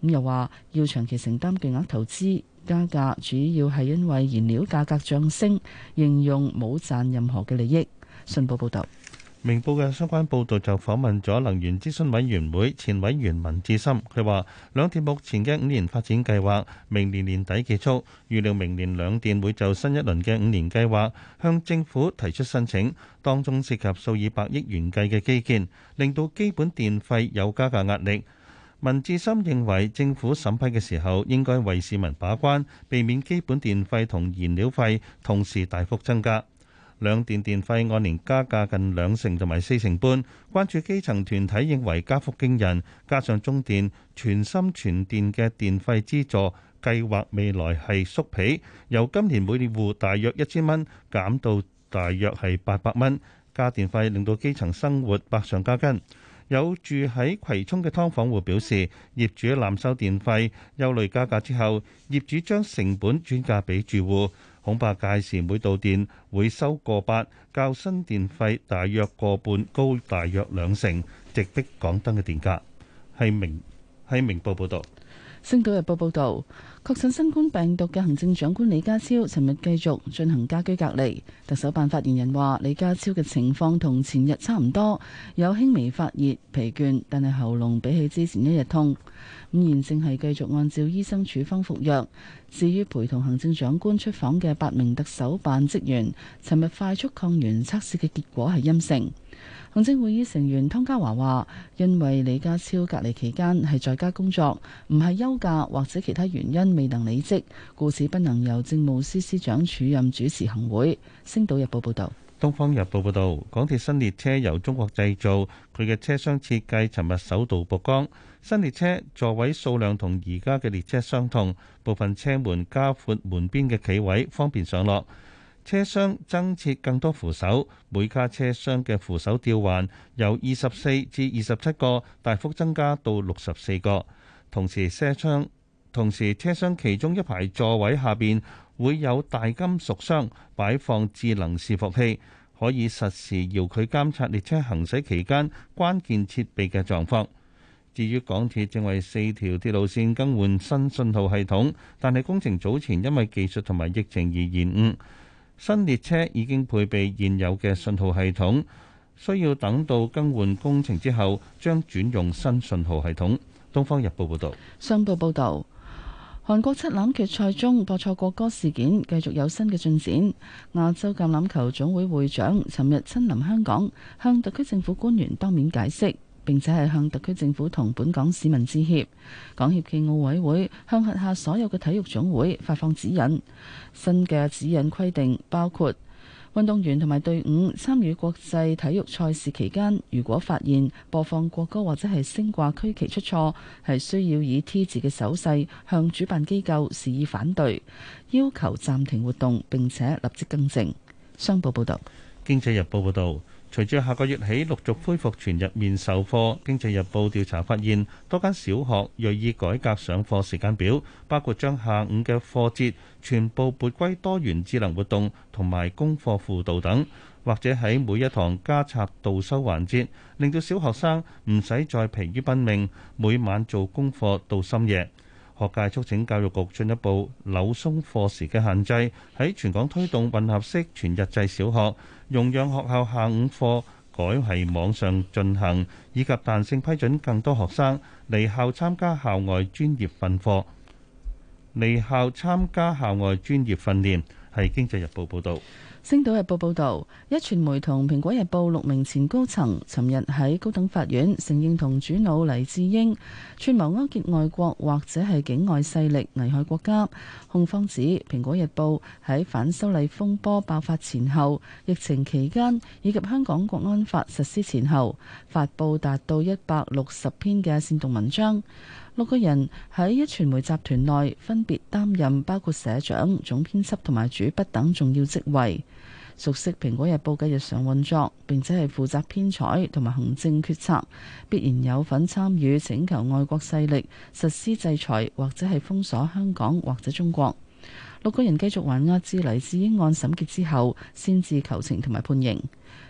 咁又話要長期承擔巨額投資加價，主要係因為燃料價格上升，應用冇賺任何嘅利益。信報報導，明報嘅相關報導就訪問咗能源諮詢委員會前委員文志深，佢話兩電目前嘅五年發展計劃明年年底結束，預料明年兩電會就新一輪嘅五年計劃向政府提出申請，當中涉及數以百億元計嘅基建，令到基本電費有加價壓力。文志深認為政府審批嘅時候應該為市民把關，避免基本電費同燃料費同時大幅增加。兩電電費按年加價近兩成同埋四成半，關注基層團體認為加幅驚人。加上中電全心全電嘅電費資助計劃未來係縮皮，由今年每戶大約一千蚊減到大約係八百蚊，加電費令到基層生活百上加斤。有住喺葵涌嘅劏房戶表示，業主濫收電費，憂慮加價之後，業主將成本轉嫁俾住戶，恐怕屆時每度電會收過八，較新電費大約過半高大約兩成，直逼港燈嘅電價。係明係明報報道。《星島日報》報道，確診新冠病毒嘅行政長官李家超，尋日繼續進行家居隔離。特首辦發言人話，李家超嘅情況同前日差唔多，有輕微發熱、疲倦，但係喉嚨比起之前一日痛。咁現正係繼續按照醫生處方服藥。至於陪同行政長官出訪嘅八名特首辦職員，尋日快速抗原測試嘅結果係陰性。行政會議成員湯家驊話，因為李家超隔離期間係在家工作，唔係休假或者其他原因未能理職，故此不能由政務司司長署任主持行會。星島日報報道：「東方日報報道，港鐵新列車由中國製造，佢嘅車廂設計尋日首度曝光。新列車座位數量同而家嘅列車相同，部分車門加闊門邊嘅企位，方便上落。車廂增設更多扶手，每架車廂嘅扶手吊環由二十四至二十七個大幅增加到六十四個。同時車廂同時車廂其中一排座位下邊會有大金屬箱擺放智能伺服器，可以實時遙距監測列車行駛期間關鍵設備嘅狀況。至於港鐵正為四條鐵路線更換新信號系統，但係工程早前因為技術同埋疫情而延誤。新列車已經配備現有嘅信號系統，需要等到更換工程之後，將轉用新信號系統。《東方日報》報道。商報報導，韓國七欖決賽中播錯國歌事件繼續有新嘅進展。亞洲橄欖球總會會長尋日親臨香港，向特區政府官員當面解釋。並且係向特區政府同本港市民致歉。港協暨奧委會向轄下所有嘅體育總會發放指引。新嘅指引規定包括，運動員同埋隊伍參與國際體育賽事期間，如果發現播放國歌或者係升掛區旗出錯，係需要以 T 字嘅手勢向主辦機構示意反對，要求暫停活動並且立即更正。商報報道，《經濟日報》報道。隨住下個月起陸續恢復全日面授課，《經濟日報》調查發現，多間小學銳意改革上課時間表，包括將下午嘅課節全部撥歸多元智能活動同埋功課輔導等，或者喺每一堂加插導修環節，令到小學生唔使再疲於奔命，每晚做功課到深夜。學界促請教育局進一步扭鬆課時嘅限制，喺全港推動混合式全日制小學，容讓學校下午課改為網上進行，以及彈性批准更多學生離校參加校外專業訓課。離校參加校外專業訓練，係《經濟日報》報導。《星島日報》報道，一傳媒同《蘋果日報》六名前高層尋日喺高等法院承認同主腦黎智英串謀勾結外國或者係境外勢力危害國家。控方指，《蘋果日報》喺反修例風波爆發前後、疫情期間以及香港國安法實施前後發佈達到一百六十篇嘅煽動文章。六個人喺一傳媒集團內分別擔任包括社長、總編輯同埋主筆等重要職位，熟悉《蘋果日報》嘅日常運作，並且係負責編採同埋行政決策，必然有份參與請求外國勢力實施制裁或者係封鎖香港或者中國。六個人繼續還押至黎智英案審結之後先至求情同埋判刑。《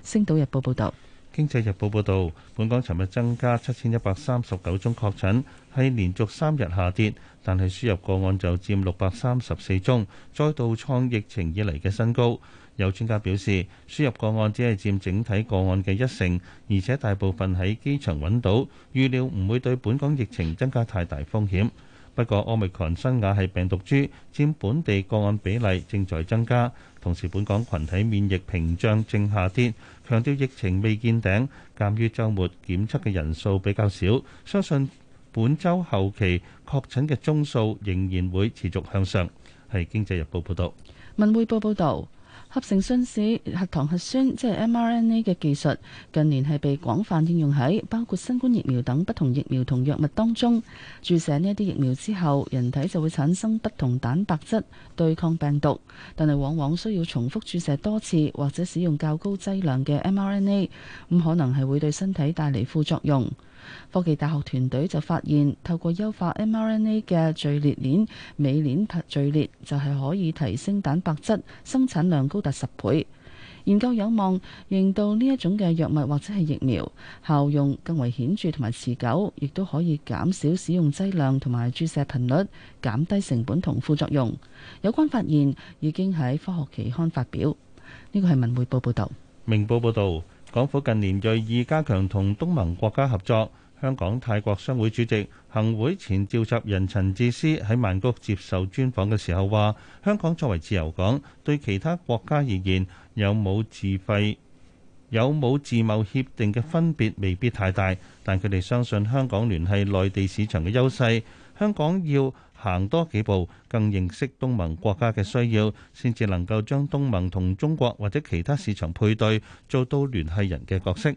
星島日報》報道。經濟日報報導，本港尋日增加七千一百三十九宗確診，係連續三日下跌，但係輸入個案就佔六百三十四宗，再度創疫情以嚟嘅新高。有專家表示，輸入個案只係佔整體個案嘅一成，而且大部分喺機場揾到，預料唔會對本港疫情增加太大風險。不過，奧密克戎新亞系病毒株佔本地個案比例正在增加，同時本港群體免疫屏障正下跌。強調疫情未見頂，鑑於週末檢測嘅人數比較少，相信本週後期確診嘅宗數仍然會持續向上。係《經濟日報》報道。文匯報報道。合成信使核糖核酸即係 mRNA 嘅技術，近年係被廣泛應用喺包括新冠疫苗等不同疫苗同藥物當中。注射呢一啲疫苗之後，人體就會產生不同蛋白質對抗病毒，但係往往需要重複注射多次或者使用較高劑量嘅 mRNA，咁可能係會對身體帶嚟副作用。科技大學團隊就發現，透過優化 mRNA 嘅序列鏈尾鏈序列，就係、是、可以提升蛋白質生產量高達十倍。研究有望認到呢一種嘅藥物或者係疫苗，效用更為顯著同埋持久，亦都可以減少使用劑量同埋注射頻率，減低成本同副作用。有關發現已經喺科學期刊發表。呢個係文匯報報道。明報報道。港府近年銳意加強同東盟國家合作。香港泰國商會主席、行會前召集人陳智思喺曼谷接受專訪嘅時候話，香港作為自由港，對其他國家而言，有冇自費、有冇自貿協定嘅分別未必太大，但佢哋相信香港聯繫內地市場嘅優勢，香港要，行多幾步，更認識東盟國家嘅需要，先至能夠將東盟同中國或者其他市場配對，做到聯繫人嘅角色。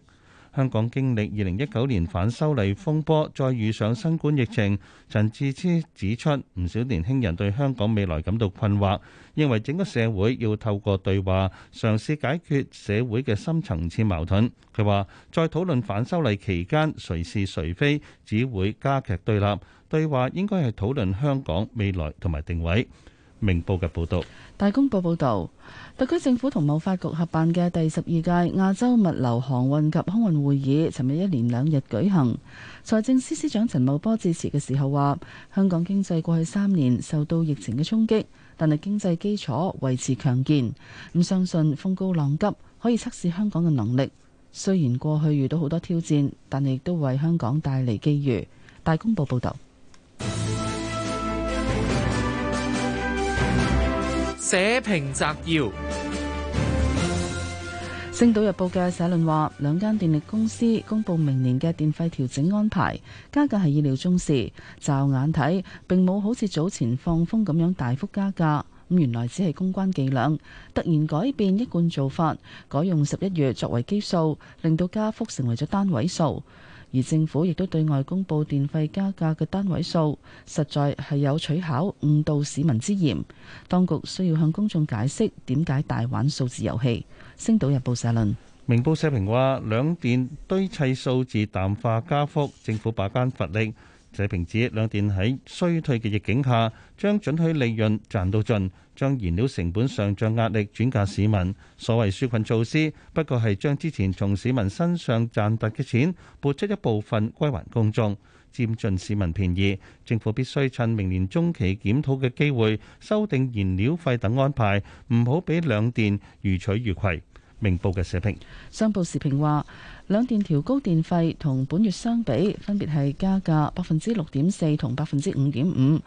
香港經歷二零一九年反修例風波，再遇上新冠疫情，陳志超指出，唔少年輕人對香港未來感到困惑，認為整個社會要透過對話，嘗試解決社會嘅深層次矛盾。佢話，再討論反修例期間誰是誰非，只會加劇對立。對話應該係討論香港未來同埋定位。明報嘅報道，大公報報導，特區政府同貿發局合辦嘅第十二屆亞洲物流、航運及空運會議，尋日一連兩日舉行。財政司司長陳茂波致辭嘅時候話，香港經濟過去三年受到疫情嘅衝擊，但係經濟基礎維持強健。唔相信風高浪急可以測試香港嘅能力。雖然過去遇到好多挑戰，但係亦都為香港帶嚟機遇。大公報報導。社評摘要，《星島日報》嘅社論話，兩間電力公司公布明年嘅電費調整安排，加價係意料中事。驟眼睇，並冇好似早前放風咁樣大幅加價。咁原來只係公關伎倆，突然改變一貫做法，改用十一月作為基數，令到加幅成為咗單位數。而政府亦都對外公布電費加價嘅單位數，實在係有取巧誤導市民之嫌。當局需要向公眾解釋點解大玩數字遊戲。星島日報社論。明報社評話，兩電堆砌數字淡化加幅，政府把關乏力。社評指兩電喺衰退嘅逆境下，將准許利潤賺到盡，將燃料成本上漲壓力轉嫁市民。所謂紓困措施，不過係將之前從市民身上賺得嘅錢撥出一部分歸還公眾，佔盡市民便宜。政府必須趁明年中期檢討嘅機會，修訂燃料費等安排，唔好俾兩電如取如攜。明報嘅社評，商報時評話。兩電調高電費同本月相比，分別係加價百分之六點四同百分之五點五，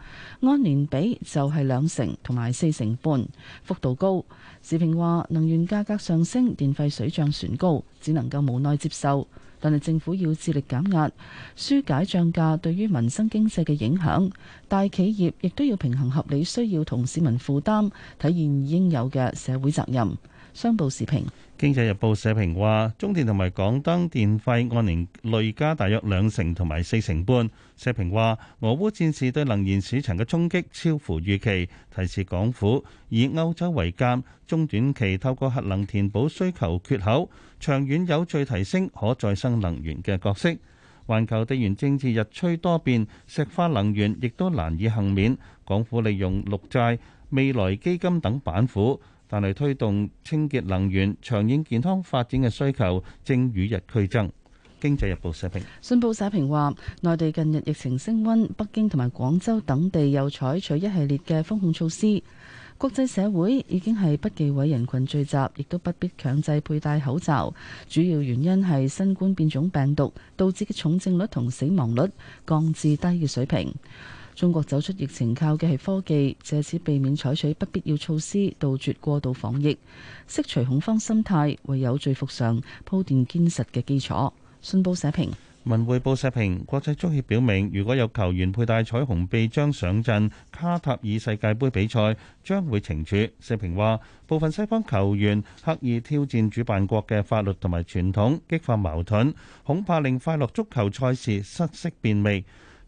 按年比就係兩成同埋四成半，幅度高。時評話能源價格上升，電費水漲船高，只能夠無奈接受。但係政府要致力減壓，疏解漲價對於民生經濟嘅影響。大企業亦都要平衡合理需要同市民負擔，體現應有嘅社會責任。商報時評。經濟日報社評話，中電同埋港燈電費按年累加大約兩成同埋四成半。社評話，俄烏戰事對能源市場嘅衝擊超乎預期，提示港府以歐洲為鑑，中短期透過核能填補需求缺口，長遠有序提升可再生能源嘅角色。環球地緣政治日趨多變，石化能源亦都難以幸免。港府利用綠債、未來基金等板斧。但係推動清潔能源、長遠健康發展嘅需求，正與日俱增。經濟日報社評。信報社評話，內地近日疫情升溫，北京同埋廣州等地又採取一系列嘅封控措施。國際社會已經係不忌諱人群聚集，亦都不必強制佩戴口罩。主要原因係新冠變種病毒導致嘅重症率同死亡率降至低嘅水平。中國走出疫情靠嘅係科技，借此避免採取不必要措施，杜絕過度防疫，釋除恐慌心態，為有序復常鋪墊堅實嘅基礎。信報社評，文匯報社評，國際足協表明，如果有球員佩戴彩虹臂章上陣卡塔爾世界盃比賽，將會懲處。社評話，部分西方球員刻意挑戰主辦國嘅法律同埋傳統，激化矛盾，恐怕令快樂足球賽事失色變味。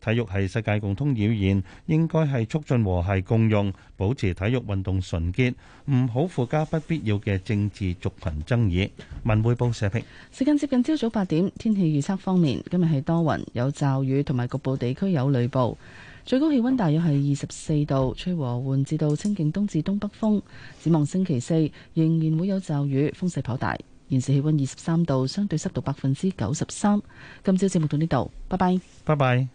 體育係世界共通語言，應該係促進和諧共用，保持體育運動純潔，唔好附加不必要嘅政治族群爭議。文匯報社評。時間接近朝早八點，天氣預測方面，今日係多雲，有驟雨同埋局部地區有雷暴，最高氣温大約係二十四度，吹和緩至到清勁東至東北風。展望星期四仍然會有驟雨，風勢頗大。現時氣温二十三度，相對濕度百分之九十三。今朝節目到呢度，拜拜，拜拜。